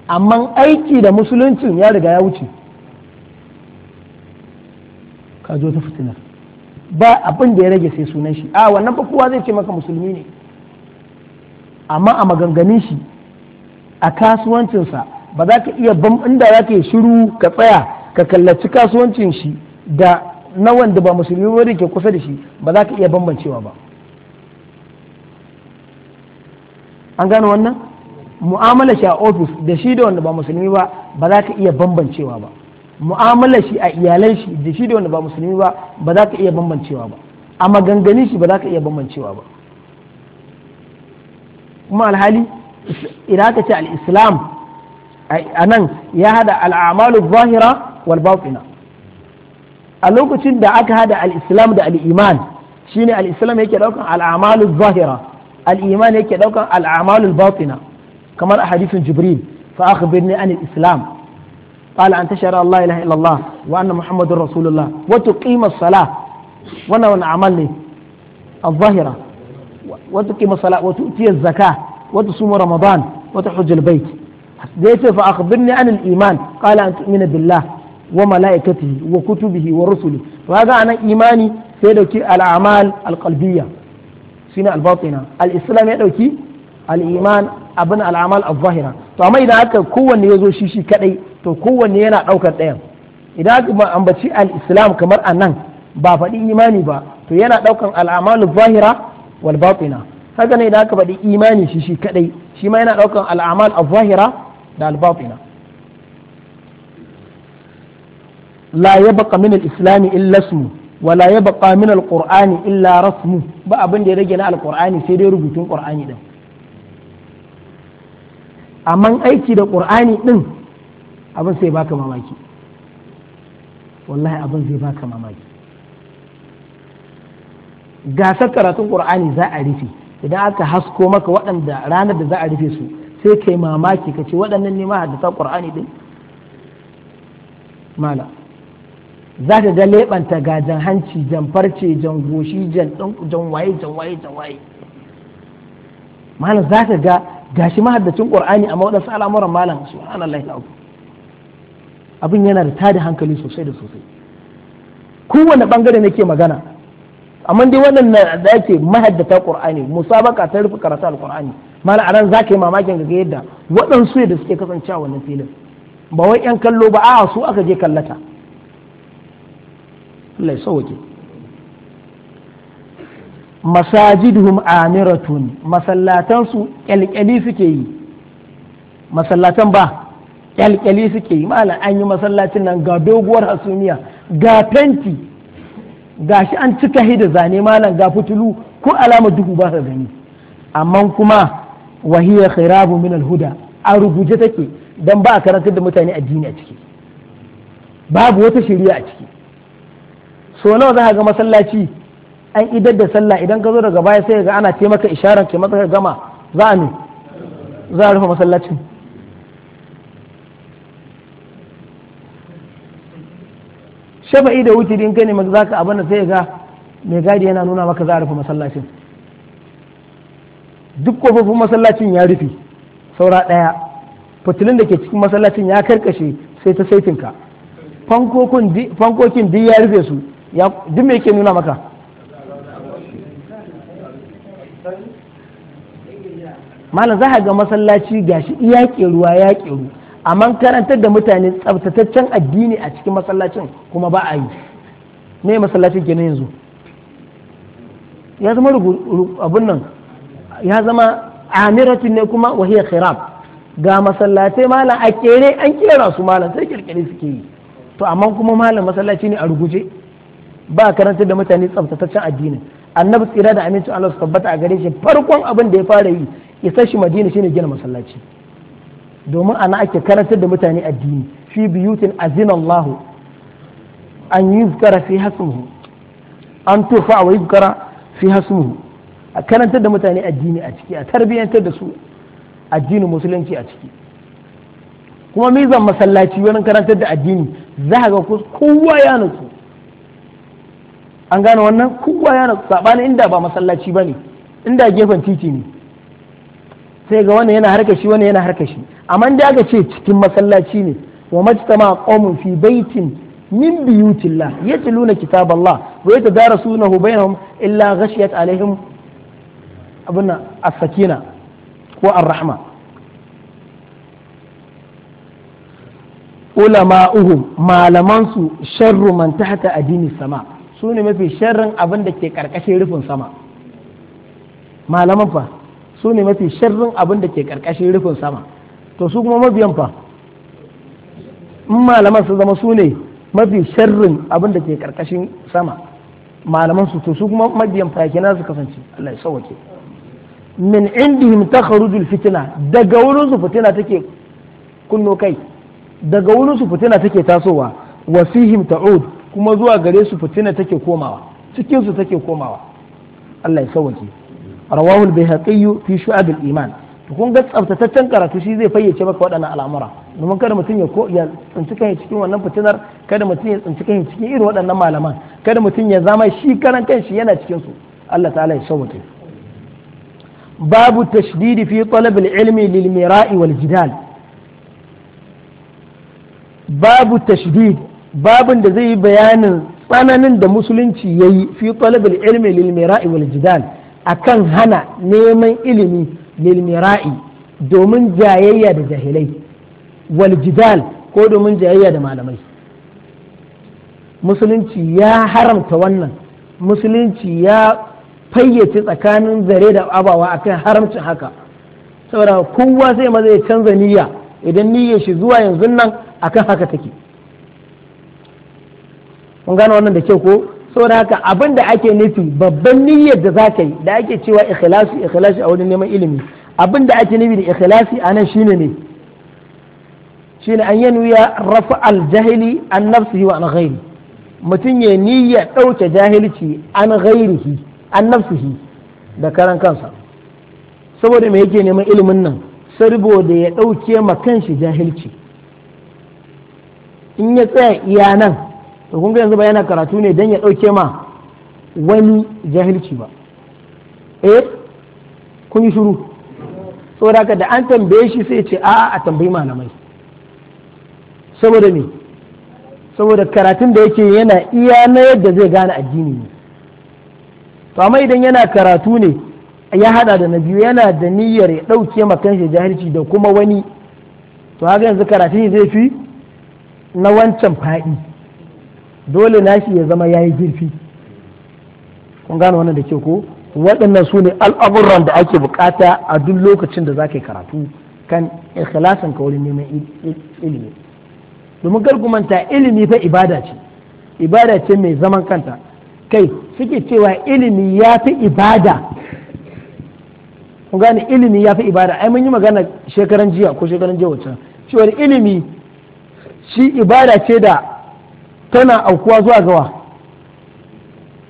amma aiki da musuluncin ya riga ya wuce ka zo ta fitinar ba abin da ya rage sai sunan shi a wannan ba kowa zai ce maka musulmi ne amma a maganganun shi a kasuwancinsa ba za ka iya ban inda za ka yi shiru ka tsaya ka kallaci kasuwancin shi da na wanda ba musulmi ba ke kusa da shi ba za ka iya bambancewa ba an gano wannan mu'amala shi a ofis da shi da wanda ba musulmi ba ba za ka iya bambancewa ba mu'amalar shi a iyalan shi da shi da wanda ba musulmi ba ba za ka iya bambancewa ba a maganganin shi ba za ka iya bambancewa ba kuma alhali idan aka ce Al'islam? a nan ya hada al'amalu zahira wal batina a lokacin da aka hada al-islam da al-iman shine Al'islam yake daukan al'amalu zahira al-iman yake daukan al'amalu batina kamar a hadisin jibril fa akhbirni an al-islam قال أن تشهد أن لا إله إلا الله وأن محمد رسول الله وتقيم الصلاة وأنا ونعمل الظاهرة وتقيم الصلاة وتؤتي الزكاة وتصوم رمضان وتحج البيت ديت فأخبرني عن الإيمان قال أن تؤمن بالله وملائكته وكتبه ورسله وهذا أنا إيماني سيدك الأعمال القلبية سنة الباطنة الإسلام يدوكي الإيمان أبن الأعمال الظاهرة فأما إذا أكا كون يزو شيشي كأي to kowanne yana ɗaukar ɗayan idan aka ambaci al-islam kamar a nan ba faɗi imani ba to yana ɗaukan al'amalu zahira wal batina haka ne idan aka faɗi imani shi shi kadai shi ma yana ɗaukan al'amal az-zahira da al batina la yabqa min al-islam illa ismu wa la yabqa min al-qur'ani illa rasmu ba abin da ya rage na al-qur'ani sai dai rubutun qur'ani din amma aiki da qur'ani din abin sai baka mamaki wallahi abin zai baka mamaki gasar karatun qur'ani za a rufe idan aka hasko maka waɗanda ranar da za a rufe su sai kai mamaki ka ce waɗannan ne mahaddata qur'ani din mala za ka ga leɓanta ga jan hanci jan farce jan goshi jan waye jan waye jan waye malam za ka ga gashi mahaddacin qur'ani amma waɗansu al'amuran malam subhanallahi alazim abin yana da tada hankali sosai da sosai kowane bangare nake magana amma dai wannan da yake mahaddata qur'ani musabaka ta rufe karatu alqur'ani mala za zaka yi mamakin ga yadda waɗansu da suke kasancewa wannan filin ba wai yan kallo ba a su aka je kallata Allah ya sauke masajiduhum amiratun masallatan su kyalkyali suke yi masallatan ba kyalkyali suke yi malam an yi masallacin nan ga doguwar hasumiya ga fenti ga shi an cika hida zane malam ga fitilu ko alama duhu ba ka gani amma kuma wahiya khirabu min huda a rubuce take dan ba a karantar da mutane addini a ciki babu wata shari'a a ciki so nawa za ka ga masallaci an idar da sallah idan ka zo daga baya sai ga ana taimaka isharar ke matsaka gama za a ne za a rufe masallacin shafa'i da wuce din kai maka zaka abin da sai ga mai gadi yana nuna maka za a rufe masallacin duk kofofin masallacin ya rufe saura ɗaya fitilin da ke cikin masallacin ya karkashe sai ta ka fankokin duk ya rufe su duk me ke nuna maka malam za ga masallaci gashi iya ruwa ya ƙeru amma karantar da mutane tsabtataccen addini a cikin masallacin kuma ba a yi me masallacin kenan yanzu ya zama abun nan ya zama amiratin ne kuma wahiyar khirab ga masallatai malam a kere an kera su malam sai kirkire suke yi to amma kuma malam masallaci ne a rubuce ba karantar da mutane tsabtataccen addini annabi tsira da amincin Allah su tabbata a gare shi farkon abin da ya fara yi ya shi madina shine gina masallaci domin ana ake karantar da mutane addini fi biyutin azina Allah an yi zukara fi hasmuhu an turfa wa yi zukara fi hasmuhu a karantar da mutane addini a ciki a tarbiyyantar da su addinin musulunci a ciki kuma mizan masallaci wani karantar da addini za ga kowa ya nutsu an gane wannan kowa ya nutsu sabanin inda ba masallaci ba ne inda gefen titi ne sai ga wani yana harka shi wannan yana harka shi amma da aka ce cikin masallaci ne wa majtama qawmun fi baitin min buyutillah yatluna kitaballah wa yatadarasunahu bainahum illa ghashiyat alaihim abuna as-sakina ko ar-rahma ulama'uhum malaman su sharru man tahta adini sama su mafi sharrin abin da ke karkashin rufin sama malaman fa su ne mafi sharrin abin da ke karkashin rufin sama to su kuma mabiyan fa in malaman su zama su ne mafi sharrin abin da ke karkashin sama malaman su to su kuma mabiyan fa kenan su kasance Allah ya sauke min indihim takhrujul fitna daga wurin su fitina take kunno kai daga wurin su fitina take tasowa fihim ta'ud kuma zuwa gare su fitina take komawa cikin su take komawa Allah ya sauke rawahu al-bayhaqi fi shu'ab al-iman to kun ga tsaftataccen karatu shi zai fayyace maka waɗannan al'amura domin kada mutum ya ko ya tsinci kai cikin wannan fitinar kada mutum ya tsinci kai cikin irin waɗannan malaman kada mutum ya zama shi karan kanshi yana cikin su Allah ta'ala ya sauke babu tashdidi fi talab al-ilmi lil mira'i wal jidal babu tashdid babin da zai yi bayanin tsananin da musulunci yayi fi talab al-ilmi lil mira'i wal jidal akan hana neman ilimi lilmira'i domin jayayya da jahilai waljidal ko domin jayayya da malamai musulunci ya haramta wannan musulunci ya fayyace tsakanin zare da abawa akan haramcin haka saboda kowa sai maza ya canza niyya idan niyyar shi zuwa yanzu nan akan haka take kun gane wannan da kyau ko saboda haka abin da ake nufi babban niyyar da za ka yi da ake cewa ikhlasi ikhlasi a wurin neman ilimi abin da ake nufi da ikhlasi a nan shine ne shine an yi nuya rafa aljahili an nafsihi wa an ghairi mutum ya niyya ɗauke jahilci an ghairihi an nafsihi da karan kansa saboda me yake neman ilimin nan saboda ya ɗauke ma kanshi jahilci in ya tsaya iya nan to kun ga yanzu ba yana karatu ne dan ya dauke ma wani jahilci ba eh kun yi shiru saboda haka da an tambaye shi sai ce a a tambayi malamai saboda ne saboda karatun da yake yana iya na yadda zai gane addini ne to amma idan yana karatu ne ya hada da na biyu yana da niyyar ya dauke ma kanshi jahilci da kuma wani to haka yanzu karatun zai fi na wancan faɗi dole nashi ya zama yayi girfi kun gane wannan da ke ko waɗannan su ne al'amuran da ake bukata a duk lokacin da za ka yi karatu kan ikhlasin ka wurin neman ilimi domin gargumanta ilimi fa ibada ce ibada ce mai zaman kanta kai suke cewa ilimi ya fi ibada kun gane ilimi ya fi ibada ai mun yi magana shekaran jiya ko shekaran jiya wancan cewa ilimi shi ibada ce da tana aukuwa zuwa gawa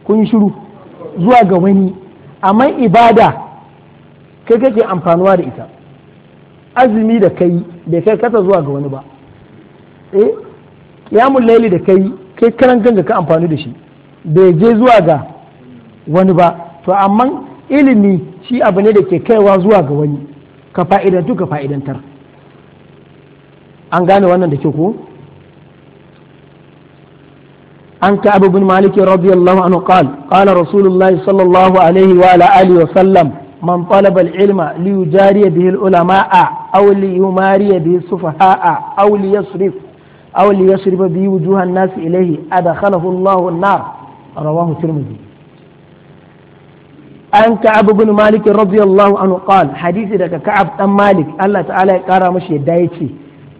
kun shiru zuwa ga wani amma ibada kai kake amfanuwa da ita azumi da kai bai kai kasa zuwa ga wani ba eh yamun laili da kai kai karan ganga ka amfani da shi bai je zuwa ga wani ba to amma ilimi shi abu ne da ke kaiwa zuwa ga wani ka fa'idantu ka fa'idantar an gane wannan da ke ko عن كعب بن مالك رضي الله عنه قال قال رسول الله صلى الله عليه وعلى آله وسلم من طلب العلم ليجاري به العلماء أو ليماري به السفهاء أو ليصرف أو ليصرف به وجوه الناس إليه أدخله الله النار رواه الترمذي عن كعب بن مالك رضي الله عنه قال حديث لك كعب بن مالك الله تعالى دايتي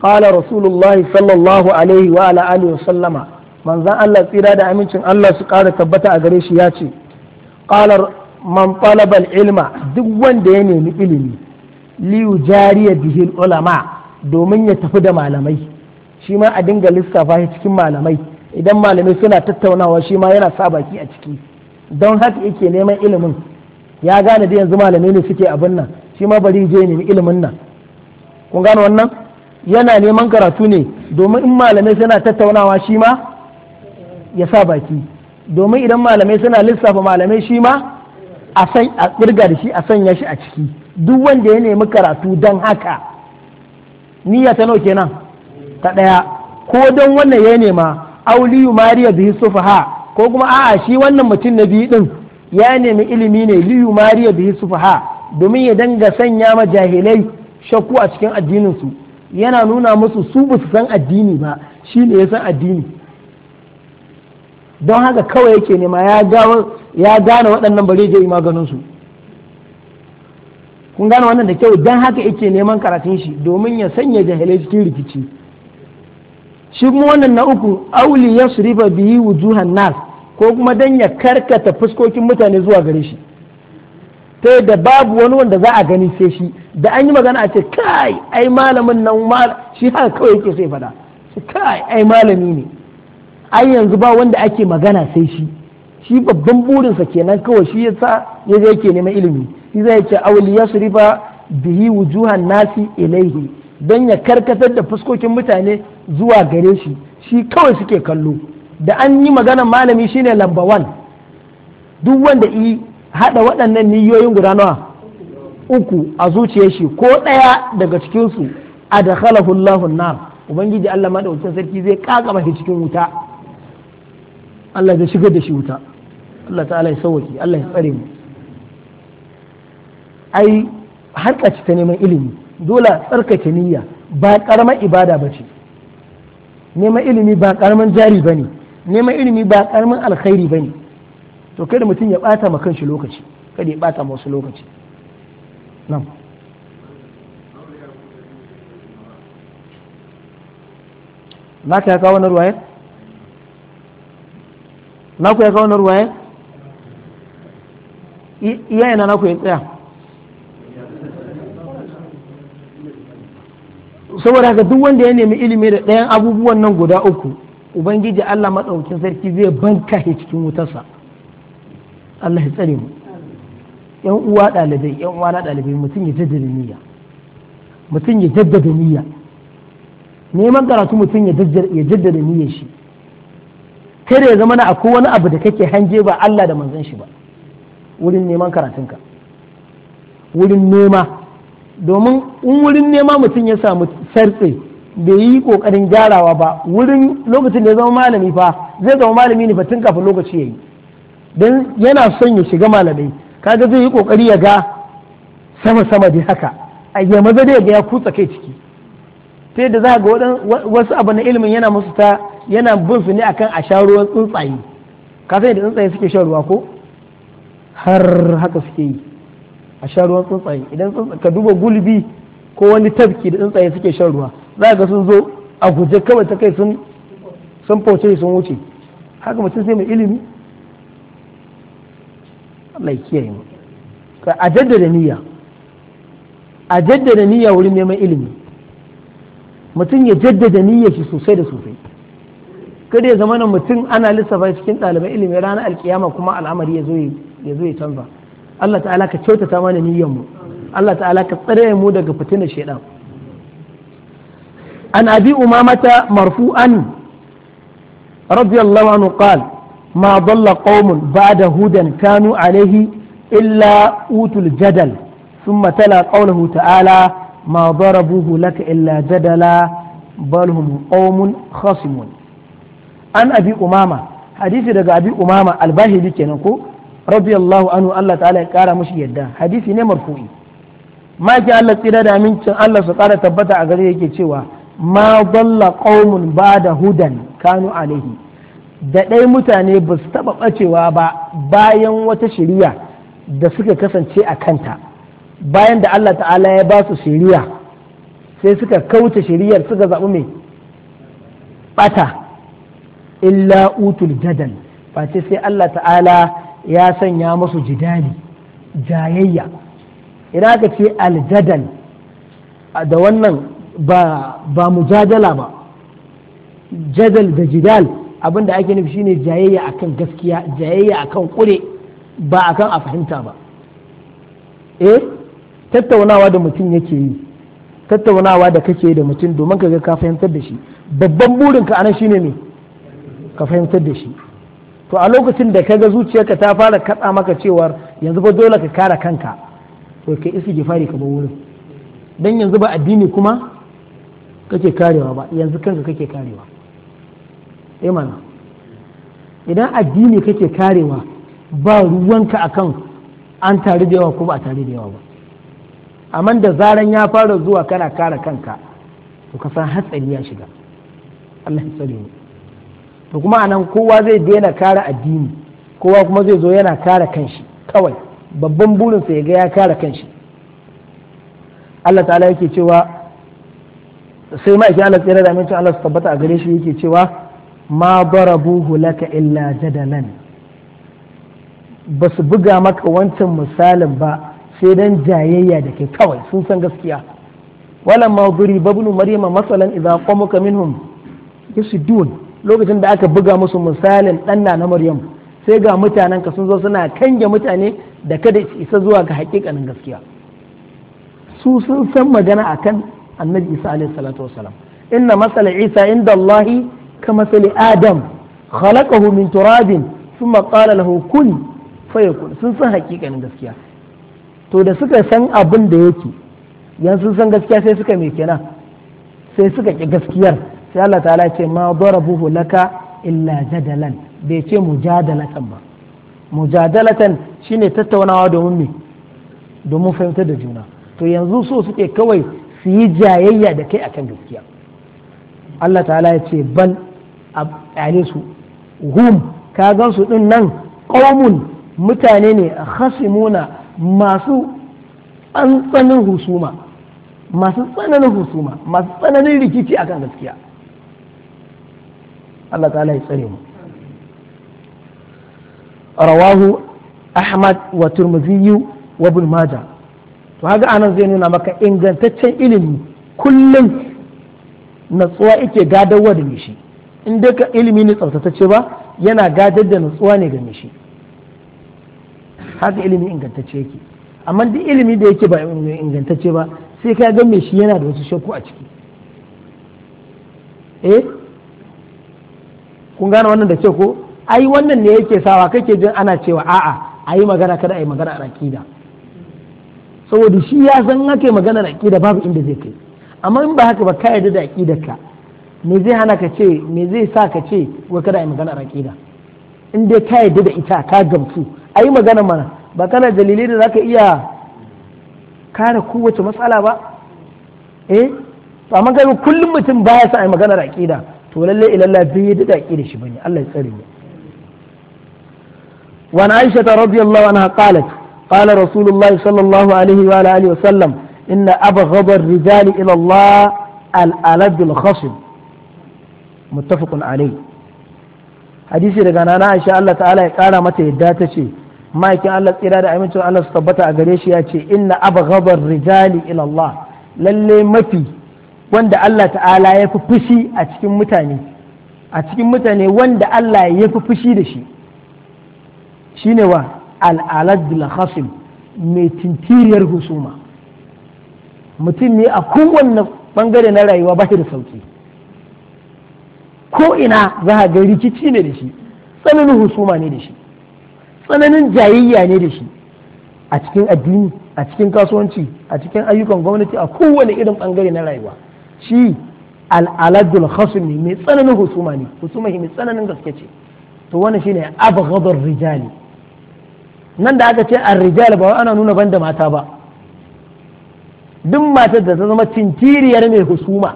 قال رسول الله صلى الله عليه وعلى آله وسلم manzan Allah tsira da amincin Allah su ƙara tabbata a gare shi ya ce ƙalar man talabal ilma duk wanda ya nemi ilimi liyu jariya bihil ulama domin ya tafi da malamai shi ma a dinga lissafa shi cikin malamai idan malamai suna tattaunawa shi ma yana sa baki a ciki don haka yake neman ilimin ya gane da yanzu malamai ne suke abin nan shi ma bari je nemi ilimin nan kun gane wannan yana neman karatu ne domin in malamai suna tattaunawa shi ma ya sa baki domin idan malamai suna lissafa malamai shi ma a san a ƙirga da shi a sanya shi a ciki duk wanda ya nemi karatu don haka niyya ta nau kenan ta ɗaya ko don wannan ya nema auliyu mariya bihi sufaha ko kuma a'a shi wannan mutum na biyu din ya nemi ilimi ne liyu mariya bihi sufaha domin ya danga sanya ma jahilai shakku a cikin addinin su yana nuna musu su ba su san addini ba shi ne ya san addini don haka kawai yake nema ya gane waɗannan bari je yi maganin su kun gane wannan da kyau don haka yake neman karatun shi domin ya sanya jahilai cikin rikici shi kuma wannan na uku auli ya surifa biyi wujuhan nas ko kuma don ya karkata fuskokin mutane zuwa gare shi ta yadda babu wani wanda za a gani sai shi da an yi magana a ce kai ai malamin nan shi haka kawai yake sai fada kai ai malami ne ai yanzu ba wanda ake magana sai shi shi babban burinsa kenan kawai shi yasa zai yake nema ilimi shi zai ce su riba bihi wujuhan nasi ilaihi don ya karkatar da fuskokin mutane zuwa gare shi shi kawai suke kallo da an yi magana malami shine lamba wan duk wanda i hada waɗannan niyoyin guda nawa uku a zuciyar shi ko ɗaya daga cikinsu a da khalahun nar ubangiji allah maɗaukin sarki zai kakaba shi cikin wuta Allah zai shigar da shi wuta Allah ta'ala ya sauwaki Allah ya tsare mu ai harka ta neman ilimi dole tsarkake niyya ba karamar ibada ba ce neman ilimi ba karamin jari ba ne neman ilimi ba karamin alkhairi ba ne to kada mutum ya bata ma kanshi lokaci kada ya bata ma wasu lokaci nan na ka ya kawo na ruwayar na ku ya kawo na Ya eh? iya yana na ku ya tsaya saboda haka duk wanda ya nemi ilimi da ɗayan abubuwan nan guda uku ubangiji Allah maɗaukin sarki zai banka shi cikin wutarsa Allah ya tsare mu yan uwa ɗalibai yan uwa na ɗalibai mutum ya jaddada niyya mutum ya jaddada niyya neman karatu mutum ya jaddada niyyar shi kada ya zama na akwai wani abu da kake hanje ba Allah da manzon shi ba wurin neman karatunka wurin nema domin in wurin nema mutum ya samu sartse bai yi kokarin gyarawa ba wurin lokacin da ya zama malami fa zai zama malami ne fa tun kafin lokaci yi dan yana son ya shiga malamai kaga zai yi kokari ya ga sama sama dai haka a ya maza da ya ga ya kutsa kai ciki sai da za ga wasu abu na ilimin yana musu ta yana bin su ne akan a sha ruwan tsuntsaye ka da tsuntsaye suke shan ruwa ko har haka suke yi a sha ruwan tsuntsaye idan ka duba gulbi ko wani tafki da tsuntsaye suke shan ruwa za ga sun zo a guje kawai ta kai sun sun fauce sun wuce haka mutum sai mai ilimi mai ya kiyaye mu ka a jaddada niyya a jaddada niyya wurin neman ilimi mutum ya jaddada niyyar shi sosai da sosai kada ya zama na mutum ana lissafa cikin ɗalibai ilimi ranar alkiyama kuma al'amari ya zo ya canza Allah ta'ala ka kyautata mana niyyar mu Allah ta'ala ka tsare mu daga fitina shaidan an abi umamata marfu'an radiyallahu anhu qala ma dalla qaumun ba'da hudan kanu alaihi illa utul jadal thumma tala qawluhu ta'ala ma darabuhu laka illa jadala bal hum qaumun khasimun an abi umama hadisi daga abi umama albahili kenan ko radiyallahu anhu Allah ta'ala ya kara mushi yadda hadisi ne marfu'i maki Allah tsira da amincin Allah su kara tabbata a gare yake cewa ma dalla qaumun bada hudan kanu alaihi da ɗai mutane ba su taɓa ɓacewa ba bayan wata shiriya da suka kasance a kanta bayan da Allah ta'ala ya ba su shiriya sai suka kauce shiriyar suka zaɓi mai ɓata illa utul jadal face sai Allah ta'ala ya sanya musu jidali jayayya idan aka ce aljadal da wannan ba ba mujadala ba jadal da jidal abinda ake nufi shine jayayya akan gaskiya jayayya akan kure ba akan a fahimta ba eh tattaunawa da mutum yake yi tattaunawa da kake da mutum domin ka ga ka fahimtar da shi babban burinka anan shine me ka fahimtar da shi to a lokacin da kaga zuciyarka ta fara katsa maka cewar yanzu ba dole ka kare kanka to ka isi gifari ka ba wurin dan yanzu ba addini kuma kake karewa ba yanzu kanka kake karewa eh mana idan addini kake karewa ba ruwanka akan an tare da yawa ko ba a tare da yawa ba amma da zaran ya fara zuwa kana kare kanka to ka san hatsari ya shiga Allah ya tsare mu to kuma anan kowa zai daina kare addini kowa kuma zai zo yana kare kanshi kawai babban burinsa ya ga ya kare kanshi Allah ta'ala yake cewa sai ma'aikin Allah tsira da amincin Allah su tabbata a gare shi yake cewa ma darabuhu laka illa jadalan ba su buga maka wancan misalin ba sai dan jayayya da ke kawai sun san gaskiya walamma ma duri babnu maryama masalan idza qamuka minhum yasudun lokacin da aka buga musu misalin ɗanna na maryam sai ga mutanen ka sun zo suna kange mutane da kada su isa zuwa ga haƙiƙanin gaskiya su sun san magana akan annabi isa alaihi salatu wasalam inna masala isa inda allahi ka masali adam khalaqahu min turabin thumma qala lahu kun fayakun sun san haƙiƙanin gaskiya to da suka san abin da yake yanzu sun san gaskiya sai suka mai kenan sai suka ki gaskiyar sai Allah ta'ala ce ma darabuhu laka illa jadalan bai ce mujadalatan ba mujadalatan shine tattaunawa domin me domin fahimtar da juna to yanzu so suke kawai su yi jayayya da kai akan gaskiya Allah ta'ala ya ce bal a su hum ka gan su din nan qaumun mutane ne khasimuna masu tsananin husuma masu tsananin husuma masu tsananin rikici akan gaskiya Allah ta ya tsare mu rawahu ahmad wa turmudhi wa ibn majah to haka anan zai nuna maka ingantaccen ilimi kullum na natsuwa yake gadarwa da mishi in dai ka ilimi ne tsaftatacce ba yana gadar da natsuwa ne ga mishi haka ilimi ingantacce yake amma duk ilimi da yake ba ingantacce ba sai ka ga mishi yana da wasu shakku a ciki eh kun gane wannan da ce ko ai wannan ne yake sawa kake jin ana cewa a'a ayi magana kada yi magana a akida saboda shi ya san ake magana a akida babu inda zai kai amma in ba haka ba ka yarda da akidarka me zai hana ka ce me zai sa ka ce wa kada yi magana a akida in dai ka yarda da ita ka gamsu ayi magana mana ba kana dalilai da zaka iya kare kowace matsala ba eh amma kai kullum mutum baya sa yi magana a akida to lalle ilalla bai da daki da shi bane Allah ya tsare mu wa Aisha radiyallahu anha qalat qala Rasulullah sallallahu alaihi wa alihi wa sallam inna abghadha ar-rijali ila Allah al-alad al-khasib muttafaqun alayhi hadisi daga nana Aisha Allah ta'ala ya kara mata yadda ta ce ma'aikin Allah tsira da amincin Allah su tabbata a gare shi ya ce inna abghadha ar-rijali ila Allah lalle mafi wanda Allah ta'ala ya fi fushi a cikin mutane a cikin mutane wanda Allah ya fi fushi da shi shi shine wa al'aladul khasim mai tintiriyar husuma mutum ne a kowanne bangare na rayuwa ba shi da sauki ko ina za a ga rikici ne da shi tsananin husuma ne da shi tsananin jayayya ne da shi a cikin addini a cikin kasuwanci a cikin ayyukan gwamnati a kowane irin bangare na rayuwa shi al'aladul khasmi mai tsananin husuma ne husuma mai tsananin gaske ce to wannan shine abghadar rijali nan da aka ce ar-rijal ba ana nuna banda mata ba duk matar da ta zama cintiriyar mai husuma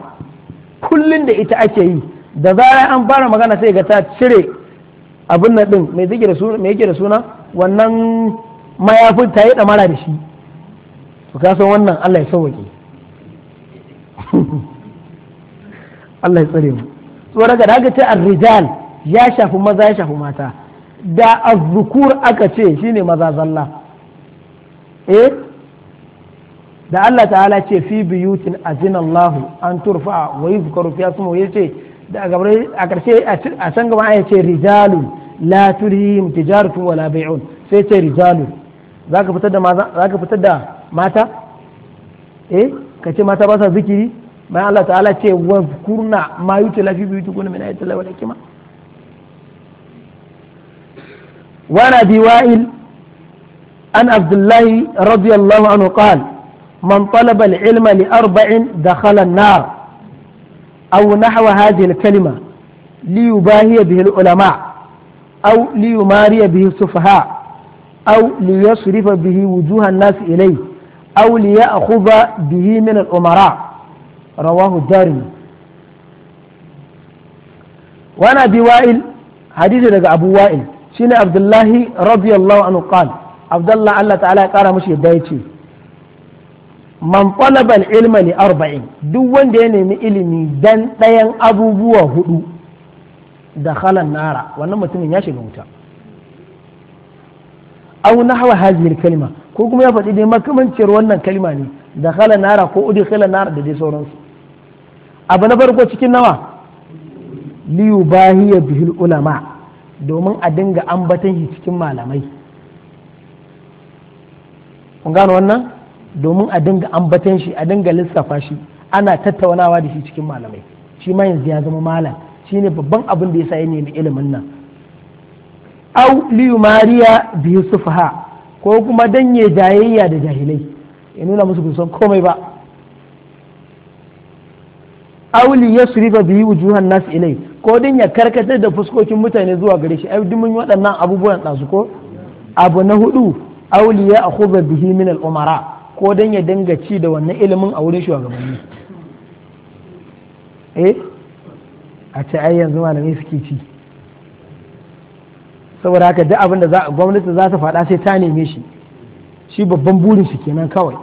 kullun da ita ake yi da zarar an fara magana sai ga ta cire abin nan din mai yake da suna wannan mayafin ta yi mara da shi to ka san wannan Allah ya sauke [laughs] Allah ya tsare mu tsoron ga daga ce ar-rijal ya shafi maza ya shafi mata da azukur aka ce shine maza zalla eh da Allah ta'ala ce fi biyutin azina Allah an turfa wa yuzkaru fiha ya ce da a karshe a can gaba a ce rijalu la tulhim tijaratun wala bai'un sai ce rijalu za ka mata fitar da mata eh ce mata ba sa zikiri bayan Allah ta'ala ce wa kurna ma yutu lafi bi yutu kuna min ayati Allah wal hikma wa ana bi wa'il an Abdullah radiyallahu anhu qala man talaba al-ilma li arba'in dakhala an-nar أو نحو هذه الكلمة ليباهي به العلماء أو ليماري به السفهاء أو ليصرف به وجوه الناس إليه أو ليأخذ به من الأمراء رواه الدارمي وانا ابي وائل حديث لك ابو وائل شين عبد الله رضي الله عنه قال عبد الله الله تعالى قال man talabal ilma arba'in duk wanda ya nemi ilimi dan ɗayan abubuwa hudu da halan nara wannan mutumin ya shiga wuta aw nahwa hadhihi kalma ko kuma ya faɗi dai makamanciyar wannan kalima ne da halan nara ko udi halan nara da dai sauransu abu na farko cikin nawa liyu bahiya bihil ulama domin a dinga ambatan shi cikin malamai kun gano wannan domin a dinga ambatan shi a dinga lissafa shi ana tattaunawa da shi cikin malamai shi ma yanzu ya zama malam Shi ne babban abin da ya sa ya nemi ilimin nan au liyu mariya biyu sufaha ko kuma danye jayayya da jahilai ya nuna musu san komai ba auli ya surifa bihi wujuhan nas ilai ko din ya karkatar da fuskokin mutane zuwa gare shi ai mun waɗannan abubuwan ɗazu ko abu na hudu auli ya akhudha bihi min al ko din ya dinga ci da wannan ilimin a wurin shugabanni eh a ce ai yanzu malamai suke ci saboda haka duk abin da gwamnati za ta faɗa sai ta neme shi shi babban burin shi kenan kawai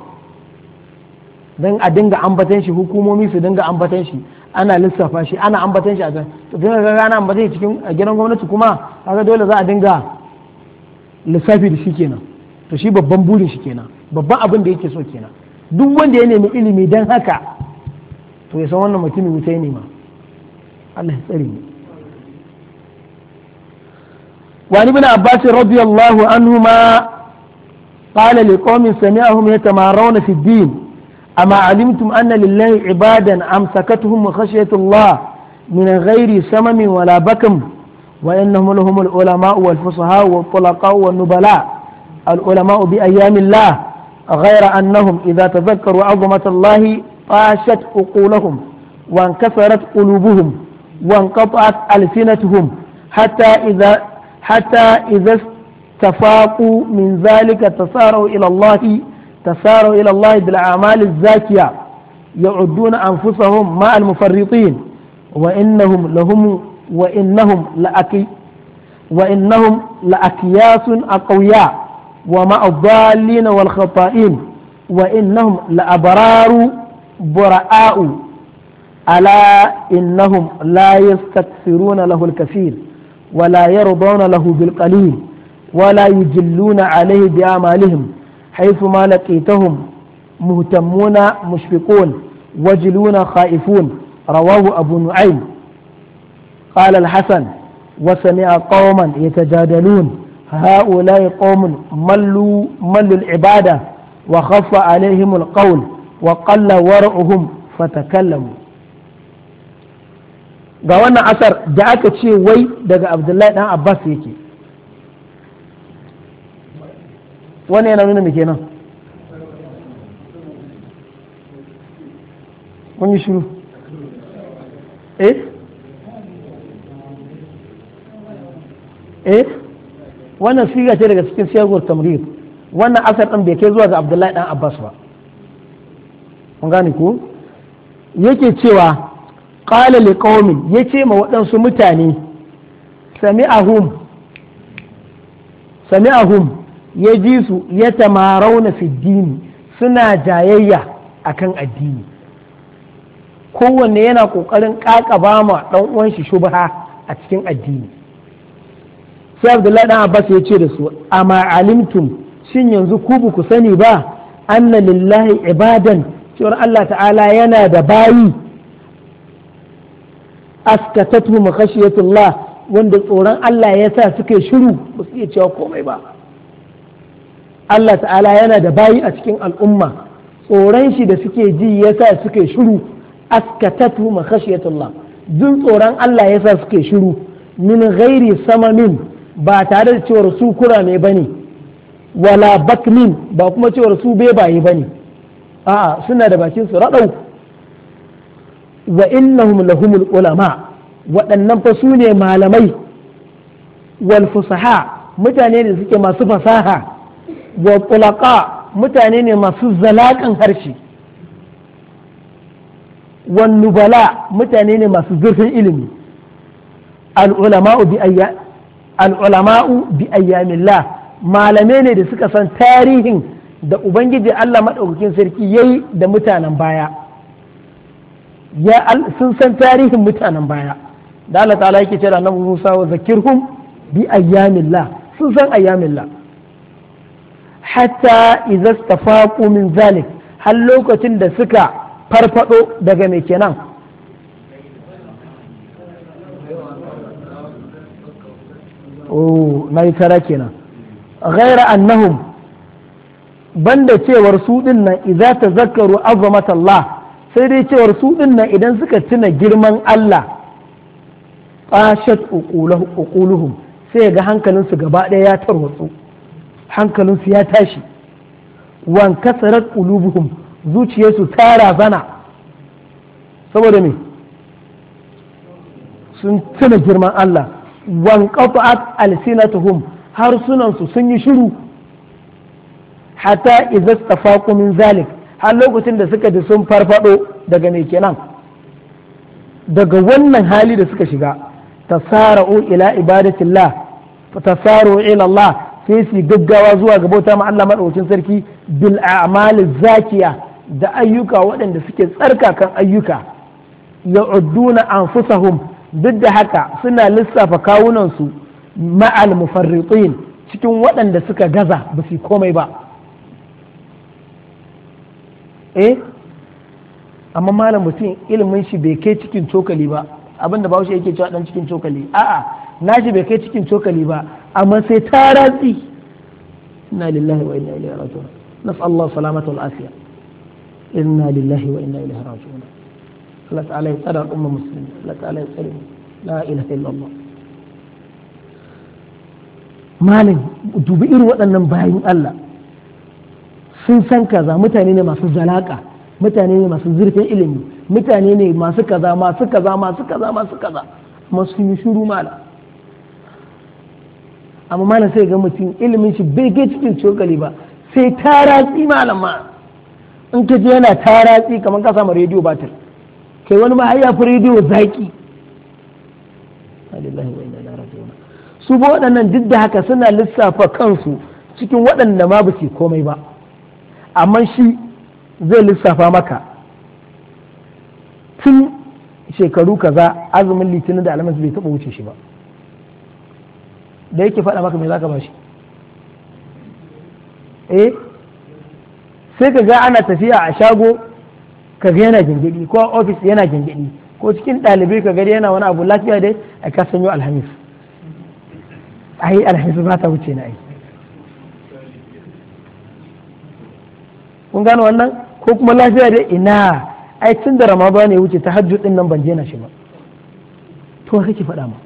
don a dinga ambaton shi hukumomi su dinga ambaton shi ana lissafa shi ana ambaton shi a can to dinga ga ana ambaton shi cikin a gidan gwamnati kuma kaga dole za a dinga lissafi da shi kenan to shi babban burin shi kenan babban abin da yake so kenan duk wanda ya nemi ilimi dan haka to ya san wannan mutumin wuta ya nema Allah ya tsare ni وعن ابن عباس رضي الله عنهما قال لقوم سمعهم يتمارون في الدين أما علمتم أن لله عبادا أمسكتهم خشية الله من غير سمم ولا بكم وإنهم لهم العلماء والفصهاء والطلقاء والنبلاء العلماء بأيام الله غير أنهم إذا تذكروا عظمة الله طاشت عقولهم وانكسرت قلوبهم وانقطعت ألسنتهم حتى إذا حتى إذا استفاقوا من ذلك تسارعوا إلى الله تساروا إلى الله بالأعمال الزاكية يعدون أنفسهم مع المفرطين وإنهم لهم وإنهم لأكي وإنهم لأكياس أقوياء ومع الضالين والخطائين وإنهم لأبرار براء ألا إنهم لا يستكثرون له الكثير ولا يرضون له بالقليل ولا يجلون عليه بأعمالهم haifu ma laqitahum muhtammuna mushfiqun wajiluna khaifun rawahu abu nu'aym qala al-hasan wa sami'a qauman yatajadalun هؤلاء قوم ملوا ملوا العبادة وخف عليهم القول وقل ورعهم فتكلموا ga wannan asar da aka ce wai daga abdullahi ɗan abbas yake wannan yana nuna muke nan wani yi shiru eh eh wannan siga ce daga cikin siyagur tamrir wannan asar ɗin bai kai zuwa ga abdullahi ɗan abbas ba kun gane ku yake cewa qala ya yace ma waɗansu mutane sami'ahum sami'ahum ya ji su ya tamarau na dini suna jayayya a kan addini kowanne yana ƙoƙarin ƙaƙaba ma ɗan uwan shi shubha a cikin addini sai abdullahi dan abbas ya ce da su amma alimtum shin yanzu ku ba ku sani ba anna lillahi ibadan cewar Allah ta'ala yana da bayi askatatu makhashiyatullah wanda tsoron Allah ya sa suka shiru ba su iya cewa komai ba Allah ta'ala yana da bayi a cikin al'umma tsoron shi da suke ji yasa suke shiru askatatu makhashiyatullah duk tsoron Allah yasa suke shiru min ghairi samamin ba tare da cewar su kura ne bane wala bakmin ba kuma cewar su bebaye bane a'a suna da bakin su radau wa innahum lahumul ulama waɗannan fa su ne malamai wal fusaha mutane da suke masu fasaha wa mutane ne masu zalakan harshe wan nubala mutane ne masu zurfin ilimi al'ulama'u bi ayyamilla malamai ne da suka san tarihin da ubangiji Allah maɗaukakin sarki ya yi da mutanen baya sun san tarihin mutanen baya da Allah ta'ala yake cewa na Musa wa zakirhum bi ayyamilla sun san ayyamilla hatta idza istafaqu min zalik har lokacin da suka farfado daga mai kenan oh na yi tara kenan ghaira annahum banda cewar su din nan idza tazakkaru azamat Allah sai dai cewar su din nan idan suka tuna girman Allah qashat uquluhum sai ga hankalinsu gaba ɗaya ya tarwatsu hankalinsu ya tashi wan kasarar ulubuhum zuciyarsu ta razana saboda me sun tuna girman Allah wan qata'at alsinatuhum harsunansu sun yi shiru hatta idza min zalik har lokacin da suka ji sun farfado daga mai kenan daga wannan hali da suka shiga tasara'u ila ibadatillah tasaro ila Allah sai su gaggawa zuwa ga bauta ma Allah madaukakin sarki bil a'mal zakiya da ayyuka waɗanda suke tsarka kan ayyuka ya'udduna anfusahum duk da haka suna lissafa kawunansu ma'al mufarriqin cikin waɗanda suka gaza ba su komai ba eh amma malam mutum ilimin shi bai kai cikin cokali ba abinda ba shi yake cewa dan cikin cokali a'a nashi bai kai cikin cokali ba amma sai ta ratsi inna lillahi wa inna ilaihi raji'un nas Allah salamatu wal afiya inna lillahi wa inna ilaihi raji'un Allah ta'ala ya tsara umma musulmi Allah ta'ala ya tsare la ilaha illallah malin dubi irin waɗannan bayin Allah sun san kaza mutane ne masu zalaka mutane ne masu zurfin ilimi mutane ne masu kaza masu kaza masu kaza masu kaza masu yi shuru mala amma malam sai ga mutum ilimin shi bai ga cikin cokali ba sai taratsi malam ma in ka je yana taratsi kamar ka samu rediyo batir kai wani ma ai ya fi rediyo zaki su ba waɗannan duk da haka suna lissafa kansu cikin waɗanda ma ba komai ba amma shi zai lissafa maka tun shekaru kaza azumin litinin da alamansu bai taɓa wuce shi ba da yake faɗa maka me zaka bashi eh sai ka ga ana tafiya a shago ka ga yana gingidi ko a ofis yana gingidi ko cikin ɗalibai ka gari yana wani abu lafiya dai a ka sanyo alhamis ai alhamis ba ta wuce na ai kun gano wannan ko kuma lafiya dai ina ai tun da ramaba ne wuce ta hajju din nan ban je na shi ba to kake faɗa ma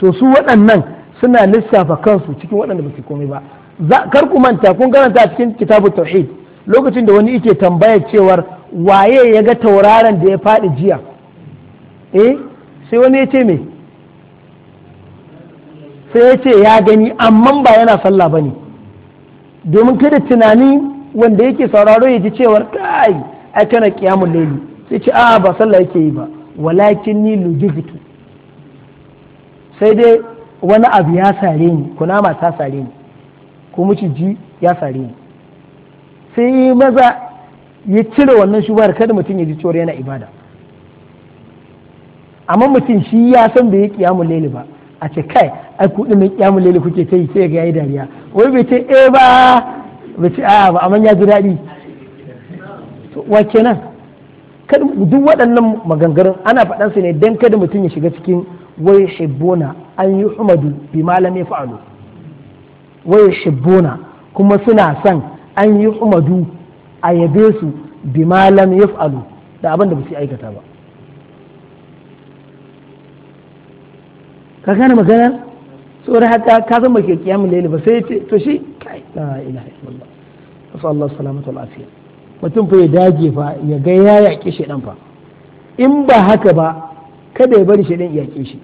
to su waɗannan suna lissafa kansu cikin waɗanda ba su komai ba za kar ku manta kun karanta cikin kitabu tauhid lokacin da wani yake tambaya cewar waye ya ga tauraron da ya faɗi jiya eh sai wani ya ce me sai ya ce ya gani amma ba yana sallah ba ne domin kada tunani wanda yake sauraro ya ji cewar kai ai kana kiyamun laili sai ce a ba sallah yake yi ba walakin ni lujibitu sai dai wani abu ya sare ni kunama ta sare ni ko miciji ya sare ni sai yi maza ya cire wannan shubar kada mutum ya ji cewar yana ibada amma mutum shi ya san bai yi kiyamun laili ba a ce kai ai ku dinnan kiyamun laili kuke ta yi sai ga yayi dariya wai bai ce eh ba bai ce a'a ba amma ya ji daɗi wa kenan duk waɗannan maganganun ana faɗansu ne dan kada mutum ya shiga cikin wai shibbona an yi humadu bi malam ya fa'alu wai shibbona kuma suna san an yi humadu a yabe su bi malam fa'alu da abin da ba su aikata ba kakana magana? maganar tsoron haka ka zama ke kiyamun laili ba sai ce to shi kai la ilaha illallah Allah salamatu mutum fa ya dage fa ya ga ya dan fa in ba haka ba kada ya bari shi ɗin yaƙe shi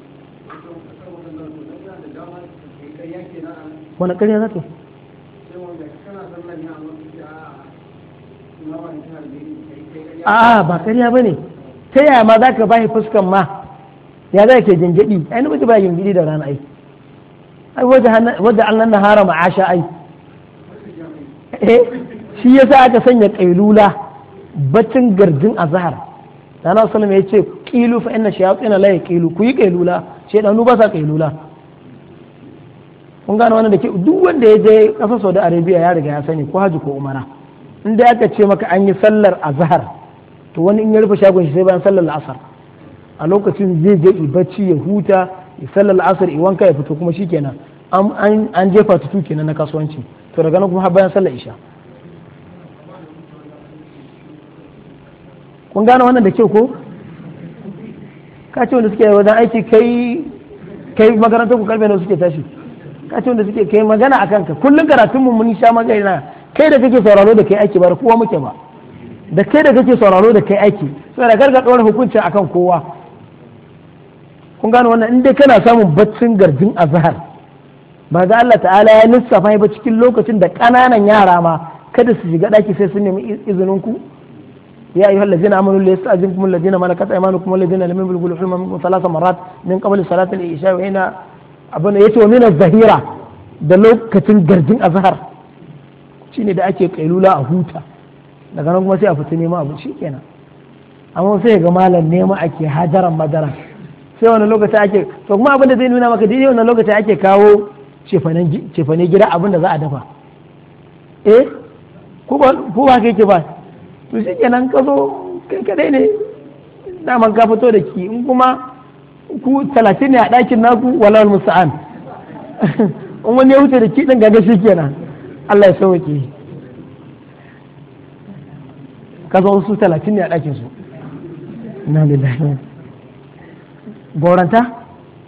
wani ƙarya za ta a ba ƙarya ba ne ta yaya ma za ka bashi fuskan ma ya za ke a ai nufi bayan jingiɗi da rana ai ai wadda an nan hara ma'asha ai eh shi ya sa aka sanya ƙailula baccin garjin azhar Nana Salama ya ce kilu fa inna shayatin la yaqilu ku yi kailula shedanu ba sa kailula kun gane wannan da ke duk wanda ya je kasar Saudi Arabia ya riga ya sani ko haji ko umara inda aka ce maka an yi sallar azhar to wani in ya rufe shagon shi sai bayan sallar asar a lokacin zai je bacci ya huta ya sallar asar i wanka ya fito kuma shikenan an an jefa tutu kenan na kasuwanci to daga nan kuma har bayan sallar isha kun gane wannan da kyau ko ka ce wanda suke wajen aiki kai kai makarantar ku karfe na suke tashi ka ce wanda suke kai magana a kanka kullum karatun mun sha magana kai da kake sauraro da kai aiki ba kowa muke ba da kai da kake sauraro da kai aiki da karka ɗora hukunci akan kowa kun gano wannan in dai kana samun baccin garjin azhar ba da Allah ta'ala ya lissafa ba cikin lokacin da kananan yara ma kada su shiga daki sai sun nemi izinin ku يا أيها الذين آمنوا ليستأذنكم الذين ملكت أيمانكم والذين لم يبلغوا الحلم منكم ثلاث مرات من قبل صلاة العشاء وهنا أبن يتو من الظهيرة da lokacin garjin azhar shine da ake kailula a huta daga nan kuma sai a fita neman abu shikenan amma sai ga malam nema ake hajaran madara sai wani lokacin ake to kuma abin da zai nuna maka daidai wannan ake kawo cefane gida abin da za a dafa eh ko ba ba to shi kenan ka zo kai kadai ne daman ka fito da ki in kuma ku talatin ne a ɗakin naku walawal musa'an [laughs] in wani ya wuce da ki ɗin gaga shi kenan Allah ya sauke ka zo su talatin ne a ɗakin su na lillahi goranta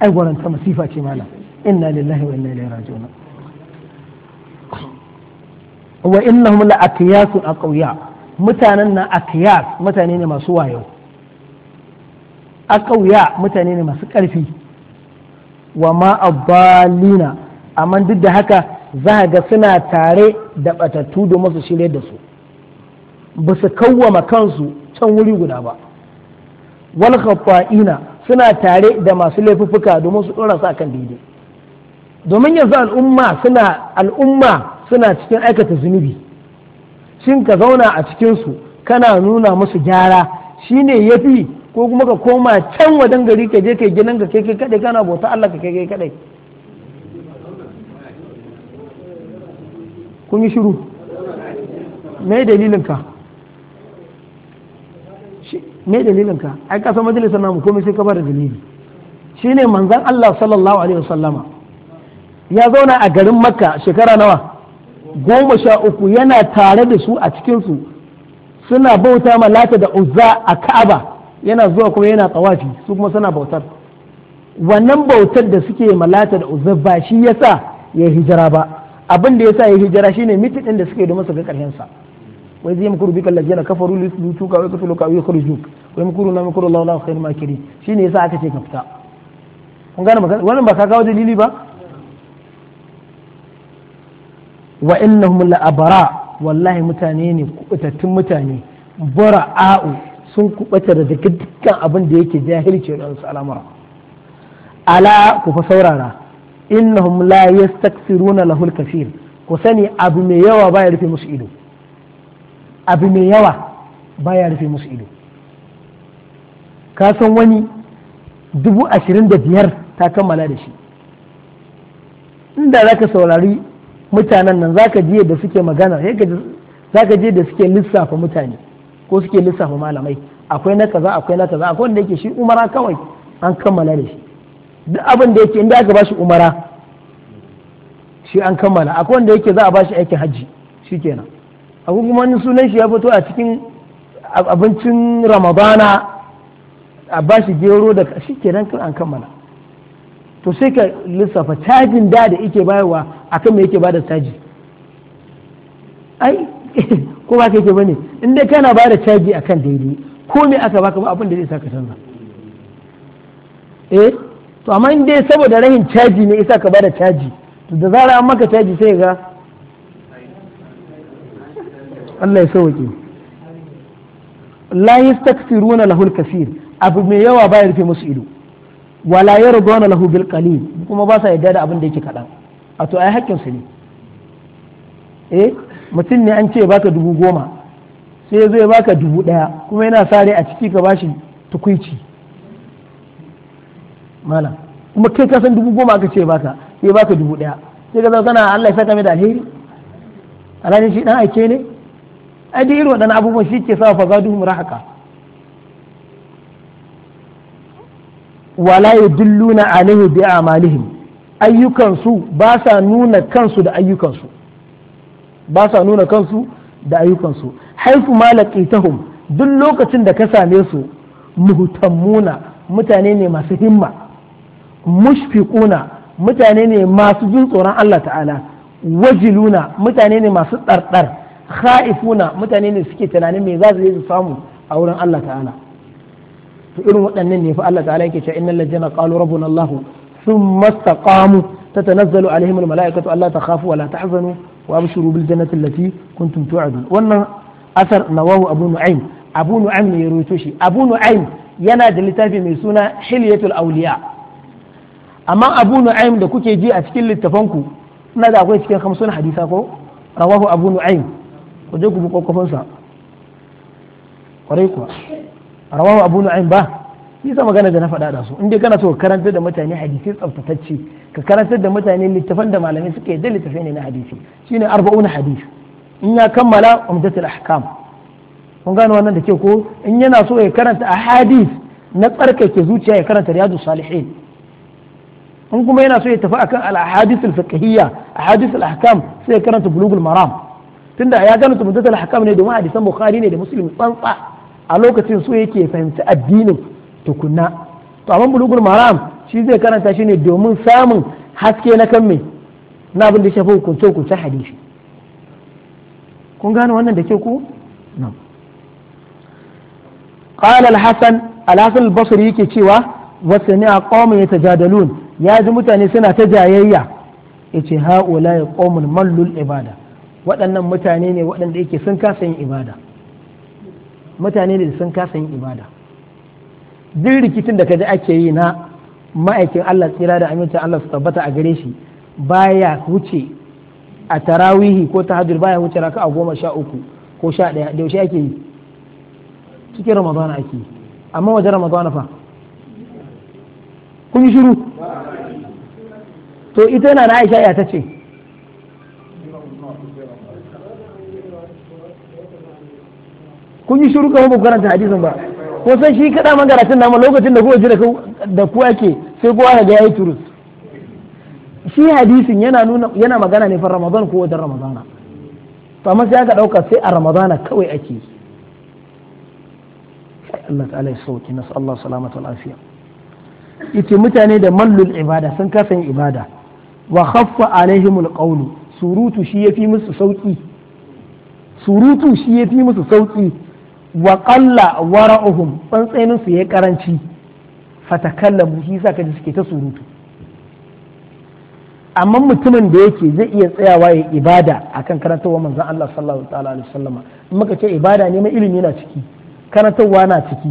ai goranta masifa ce In inna lillahi wa inna ilaihi raji'un wa innahum la a aqwiya mutanen na akiyas mutane ne masu wayo a akauya mutane ne masu ƙarfi wa ma balina amma duk da haka za a ga suna tare da batattu domin su shirya da su ba su kawwama kansu can wuri guda ba wal khafa'ina suna tare da masu laifuffuka domin su ɗora su akan daidai domin yanzu al'umma suna al'umma suna cikin aikata zunubi shin ka zauna a cikinsu kana nuna musu gyara shi ne ya fi ko kuma ka koma can wajen gari ka je kai ginin ka kai kai kadai kana bauta Allah ka kai kai kadai kun yi shiru me dalilinka ka me dalilin ai ka san majalisar namu komai sai ka bar dalili shine manzon Allah sallallahu alaihi wasallama ya zauna a garin Makka shekara nawa goma sha uku yana tare da su a cikinsu suna bauta malata da uzza a ka'aba yana zuwa kuma yana tsawafi su kuma suna bautar wannan bautar da suke malata da uzza ba shi yasa ya hijira ba abin da yasa ya hijira shine mitin da suke domin su ga karshen sa wai zai mukuru bika lajina kafaru lislutuka wa ka wa yukhrijuk Wai mukuru na mukuru Allahu khairu ne shine yasa aka ce ka fita kun gane wannan ba ka kawo dalili ba wa innahum bara wallahi mutane ne kubutattun mutane buraa'u sun kubata da dukkan abin da yake jahilci da su al'amura ala ku fa saurara innahum la yastakfiruna lahul kafir ku sani abu mai yawa baya rufe musu ido abu mai yawa baya rufe musu ido ka san wani dubu ashirin da biyar ta kammala da shi inda za ka saurari mutanen nan zaka ji da suke magana zaka ji da suke lissafa mutane ko suke lissafa malamai akwai na kaza akwai na kaza akwai wanda yake shi umara kawai an kammala da shi duk abin da yake inda aka ba shi umara shi an kammala akwai wanda yake za a ba shi aikin hajji kenan akwai kuma wani sunan shi ya fito a cikin abincin ramadana a bashi gero da shi kenan an kammala to sai ka lissafa cajin da da yake bayarwa akan me yake bada caji ai [laughs] ko ba ka yake bane in dai kana bada caji akan daidai ko me aka baka ba abin da zai saka canza eh to amma in dai saboda rahin caji ne isa ka ba da caji to da zara an maka caji sai ga Allah ya sauke la yastakfiruna lahul kaseer abu mai yawa ya rufe musu ido wala yarduna lahu bil qalil kuma ba sa yarda da abin da yake kaɗan a to ai hakkin su ne eh mutum ne an ce baka dubu goma sai ya zo ya baka dubu ɗaya kuma yana sare a ciki ka bashi tukuici malam kuma kai ka san dubu goma aka ce baka sai baka dubu ɗaya sai ka zo Allah ya saka mai da alheri alhali shi dan aike ne ai duk irin waɗannan abubuwan shi ke sa fa zaduhum rahaka wala yadulluna alaihi bi amalihim ayyukansu ba sa nuna kansu da ayyukansu ba sa nuna kansu da ayyukansu haifu malaqitahum duk lokacin da ka same su muhtammuna mutane ne masu himma mushfiquna mutane ne masu jin tsoron Allah ta'ala wajiluna mutane ne masu ɗarɗar kha'ifuna mutane ne suke tunanin me za su yi su samu a wurin Allah ta'ala to irin waɗannan ne fa Allah ta'ala yake cewa innal ladzina qalu rabbuna Allah thumma istaqamu tatanazzalu alaihim al mala'ikatu alla takhafu wa la tahzanu wa abshiru bil jannati allati kuntum tu'adun wannan asar nawahu abu nu'aym abu nu'aym ne ya shi abu nu'aym yana da littafi mai suna hilyatul awliya amma abu nu'aym da kuke ji a cikin littafanku ina da akwai cikin hamsin hadisa ko rawahu abu nu'aym ku je ku bi kokofinsa kuwa rawahu abu nu'aym ba yasa magana da na faɗa da su inda kana so ka karantar da mutane hadisi tsaftatacce ka karantar da mutane littafan da malamai suke da littafai ne na hadisi shine arba'una hadis in ya kammala umdatul ahkam kun gane wannan da ke ko in yana so ya karanta ahadis na tsarkake zuciya ya karanta riyadu salihin in kuma yana so ya tafi akan al-ahadithul fiqhiyya ahadithul ahkam sai ya karanta bulugul maram tunda ya gano umdatul ahkam ne domin hadisan bukhari ne da muslim tsantsa a lokacin so yake fahimci addinin tukunna to amma bulugul maram shi zai karanta shi ne domin samun haske na kan me na abin da shafi hukunce hukunce hadisi kun gane wannan da ke ku قال الحسن alhassan albasir yake cewa wasani a yatajadalun ya ji mutane suna ta jayayya yace haula ya qaumun mallul ibada waɗannan mutane ne waɗanda yake sun kasa yin ibada mutane ne da sun kasa yin ibada duk rikicin da kaji ake yi na ma'aikin Allah tsira da amincin Allah su tabbata a gare shi baya wuce a tarawihi ko tahajjud baya wuce raka a goma sha uku ko sha ɗaya da yaushe ake yi cikin ramadan ake yi amma wajen ramadan fa kun yi shiru to ita na na aisha ya ta ce kun yi shiru kawai ba karanta hadisin ba ko san shi kada man karatun namu lokacin da kuka ji da ku ake sai kowa ga yayi turus shi hadisin yana nuna yana magana ne fa ramadan ko wajen ramadana to amma sai aka dauka sai a ramadana kawai ake Allah ta'ala ya sauki nasu Allah salamatu lafiya ita mutane da mallul ibada sun kasa yin ibada wa khaffa alaihimul qawlu surutu shi yafi musu sauki surutu shi yafi musu sauki wa qalla wara'uhum tsantsenin su yayi karanci mu shi ka kaji suke ta surutu amma mutumin da yake zai iya tsayawa ya ibada akan karantarwa manzon Allah sallallahu alaihi wasallama in muka ce ibada ne mai ilimi na ciki karantarwa na ciki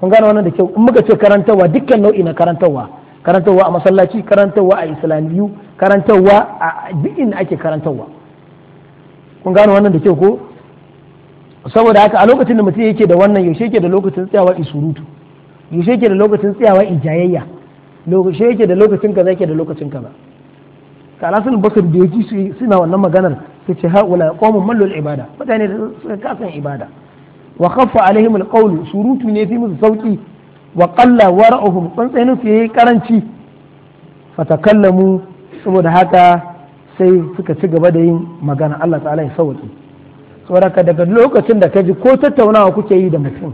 kun gane wannan da kyau in muka ce karantarwa dukkan nau'i na karantarwa karantarwa a masallaci karantarwa a islamiyu karantarwa a bi'in ake karantarwa kun gane wannan da kyau ko saboda haka a lokacin da mutum yake da wannan yaushe yake da lokacin tsayawa in surutu yaushe yake da lokacin tsayawa in jayayya yaushe yake da lokacin kaza yake da lokacin kaza ka alasun basir da yaji suna wannan maganar ta ce haula qaumun mallul ibada mutane da suka kasan ibada wa khaffa alaihim alqawlu surutu ne fi musu sauƙi wa qalla wara'uhum tsantsanin su yayi karanci fatakallamu saboda haka sai suka ci gaba da yin magana Allah ta'ala ya sauki tsoraka daga lokacin da ka ji ko tattaunawa kuke yi da mutum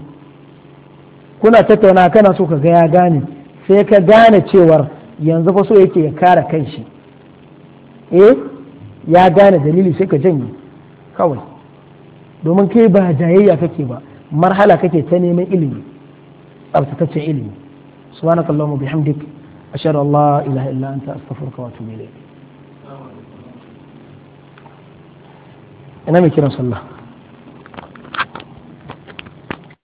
kuna tattaunawa kana so ka ga ya gane sai ka gane cewar yanzu fa so yake ya kare kanshi eh ya gane dalili sai ka janye kawai domin kai ba jayayya kake ba marhala kake ta neman ilimi tsabtataccen ilimi subhanakallahumma bihamdik ashhadu an la ilaha illa anta astaghfiruka wa atubu ilayk ina mai kiran sallah